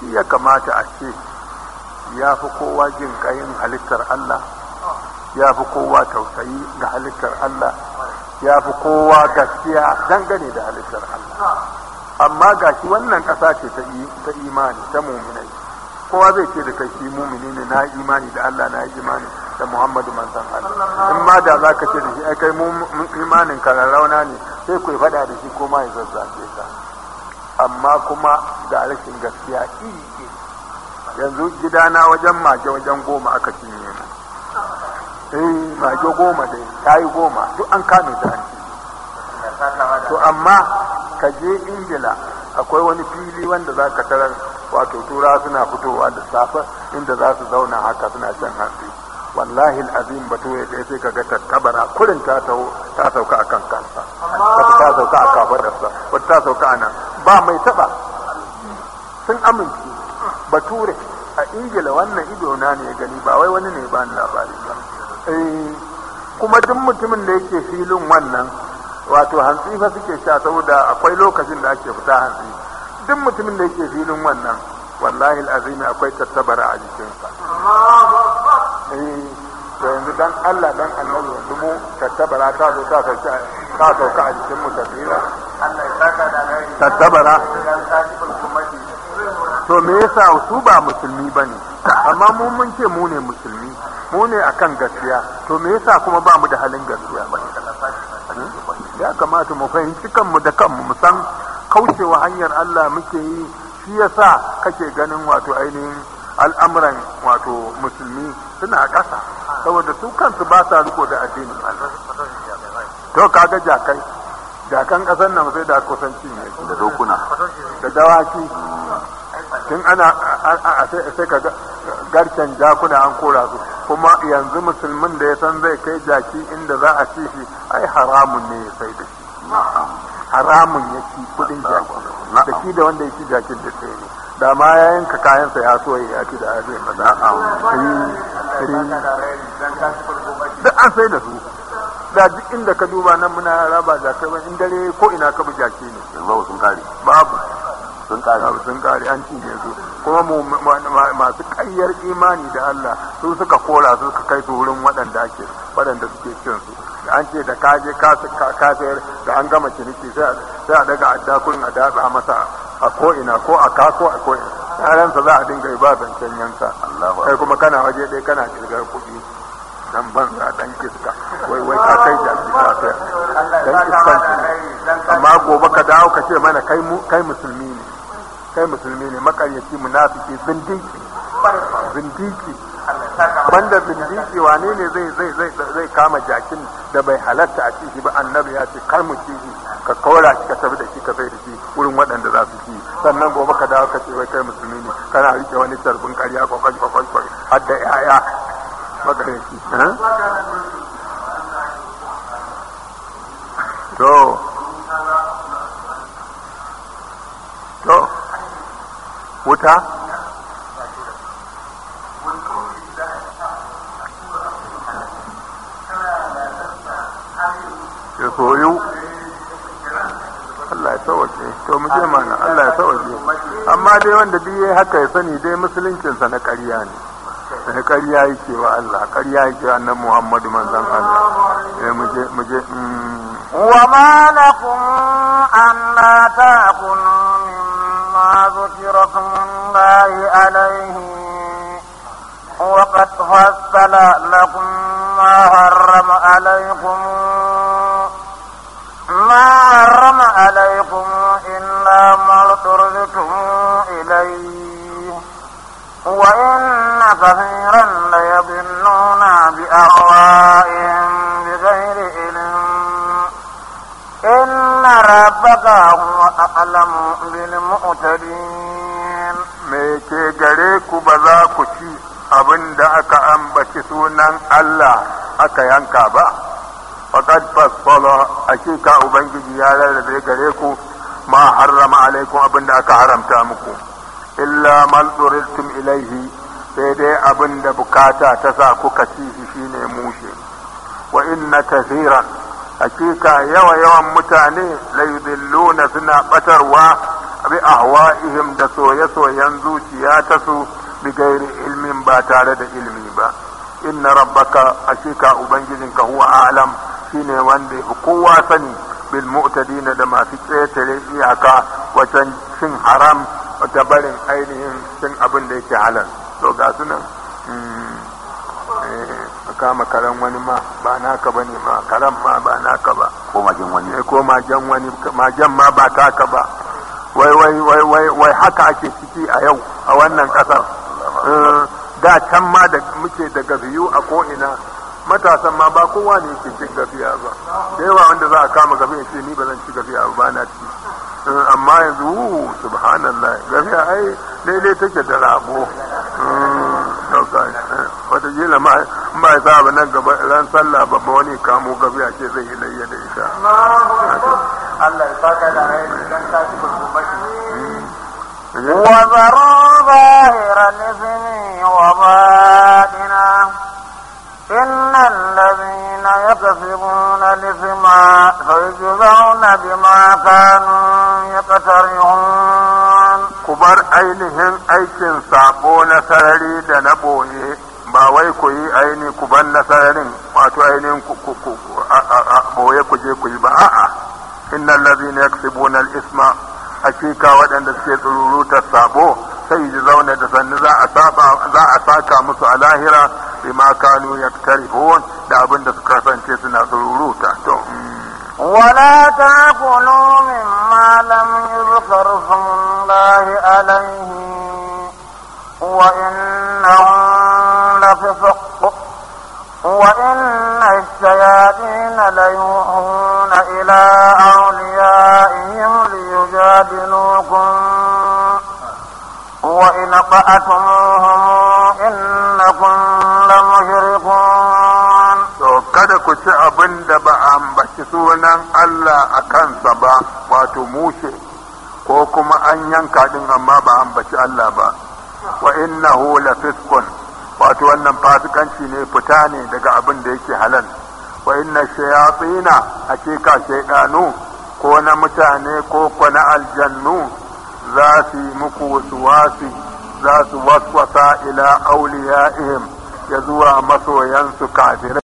shi ya kamata a ce ya fi kowa jin kayan halittar Allah ya fi kowa tausayi ga halittar Allah ya fi kowa gaskiya dangane da halittar Allah amma ga shi wannan ƙasa ce ta imani ta muminai kowa zai ce da kai shi mumini ne na imani da Allah na imani da muhammadu manzan Allah in ma da za ka ce da shi kai mun imanin kararrauna ne sai ku faɗa da shi ko ma ya zazzafe ka amma kuma da rashin gaskiya iri yanzu gidana wajen mage wajen goma aka cinye mu eh mage goma dai ta yi goma duk an kame ta hanci to amma ka je ingila akwai wani fili wanda za ka tarar wato tura suna fitowa da safe inda za su zauna haka suna shan hatsi wallahi azim ba ya ɗaya sai ka ga tattabara kurin ta ta sauka a kan kansa wata ta sauka a kafadarsa ba ta sauka a nan ba mai taɓa sun amince bature a ingila wannan ido na ne gani ba wai wani ne ba ni labari ba eh, kuma duk mutumin da yake filin wannan wato hantsi fa suke sha saboda akwai lokacin da ake fita hantsi duk mutumin da yake filin wannan wallahi azim akwai tattabara a jikinsa to yanzu dan Allah dan annabi yanzu mu tattabara ta zo ta ta ta a cikin mu Allah ya saka da nari tattabara to me yasa su ba musulmi bane amma mu mun ce mu ne musulmi mu ne akan gaskiya to me yasa kuma ba mu da halin gaskiya ya kamata mu fahimci kanmu da kanmu mu san kaucewa hanyar Allah muke yi shi yasa kake ganin wato ainihin al'amuran wato musulmi suna ƙasa saboda su kansu ba sa riko da addini to kaga jakai jakan kasan nan sai da kusanci ne da dokuna da dawaki tun ana sai ka garken jakuna an kora su kuma yanzu musulmin da ya san zai kai jaki inda za a ci shi ai haramun ne ya sai da shi haramun ya ci kudin jaki da shi da wanda ya ci jakin da sai ne da ma ya yanka kayansa ya so ya ci da abin ba za a duk an sai da su da duk inda ka duba nan muna raba da ban in dare ko ina ka bi jaki ne babu sun kare babu sun kare babu sun kare an ne su kuma masu kayyar imani da Allah su suka kora su suka kai su wurin waɗanda ake waɗanda suke cin su da an ce da kaje kasuwar da an gama ciniki sai a daga addakun a daɗa masa a ko'ina ko a ka ko a ko'ina sa za a dinga yi ba zancen yanka kai kuma kana waje ɗaya kana kirgar kuɗi dan banza dan kiska wai wai ka kai da kiska dan kiskan amma gobe ka dawo ka ce mana kai kai musulmi ne kai musulmi ne makaryaci munafiki zindiki zindiki banda bindiki wane ne zai zai zai zai kama jakin da bai halatta a cikin ba annabi ya ce kar mu ci ka kora ka tafi da shi ka sai da shi wurin waɗanda za su ci sannan gobe ka dawo ka ce wai kai musulmi ne kana rike wani tarbin ƙarya kwakwai kwakwai kwakwai har da ƴaƴa magarin shi eh? to wuta soyu Allah ya sauke to mu je mana Allah ya sauke amma dai wanda bi biye haka ya sani dai musuluncinsa na ƙarya ne na ƙarya yake wa Allah ƙarya yake wa annabi Muhammadu manzon Allah eh mu je mu je وما لكم ألا تأكلوا مما ذكر اسم الله عليه وقد فصل لكم ما حرم عليكم ma harrama alaykum illa ma durzitum ilayh wa inna kahiran layabinnuna bi ahwaihim bigayri ilm inna rabbaka huwa aclamu bilmu'tadin meke gare ku ba za ku ci abin da aka ambaci sunan allah aka yanka ba faqad fassala akika ubangiji ya rarrabe gare ku ma harrama alaikum da aka haramta muku illa man ilaihi sai dai abin da bukata ta sa kuka ci shi shine mushe wa inna kathiran hakika yawa yawan mutane la yudilluna suna batarwa bi ahwa'ihim da soye-soyen zuciya ta su bi gairi ilmin ba tare da ilmi ba inna rabbaka hakika ubangijinka huwa a'lam shine wanda ya kowa sani bil mu'tadina da masu ƙetare iyaka wajen cin haram da barin ainihin cin abin da yake halal to ga sunan mm, eh, kama karan wani ma ba naka bane ma karan ma ba naka ba ko majan wani eh, ko majan wani majan ma ba taka ba wai wai wai wai wai haka ake ciki a yau a wannan kasar eh, da can ma da muke daga biyu a ko ina matasan ma ba kowa ne yake cin gafiya ba da yawa wanda za a kama gafi ya ce ni ba zan ci gafiya ba na ci eh, amma yanzu subhanallah gafiya ai daidai take da rabo eh, eh, watakila ma ya sa ba nan gaba ran sallah babba wani kamo gafiya ce zai yi layya da ita Allah ya saka da rai dan ta ci gurbashi hmm. wa zaro zahira nismi wa batina إن الذين يكسبون الإثم سيجزون بما كانوا يقترعون كبر أينهم أيكن صابون سرري دنبوه ba wai ku yi aini ku ban nasarin wato ainihin ku boye ku je ku yi ba a'a innal ladzina isma hakika waɗanda suke tsururutar sabo sai ji zaune da sannu za a saka musu a lahira bi ma kanu yaktarihun da abin da suka sance suna tsururuta to wala ta kunu min malam yuzkar lahi alaihi wa inna وإن الشياطين ليوحون إلى أوليائهم ليجادلوك وإن قأتموهم إنكم لمشركون kada ku ci abin da ba a ambaci sunan Allah a kansa ba wato mushe ko kuma an yanka din amma ba ambaci Allah ba wa innahu lafiskun wato wannan fasikanci ne fita ne daga abin da yake halal wa inna shayatina ka shaydanu ko na mutane ko ko na aljannu za su yi muku wasu wasi za su waswasa ila auliya'ihim ya zuwa masoyansu kafirai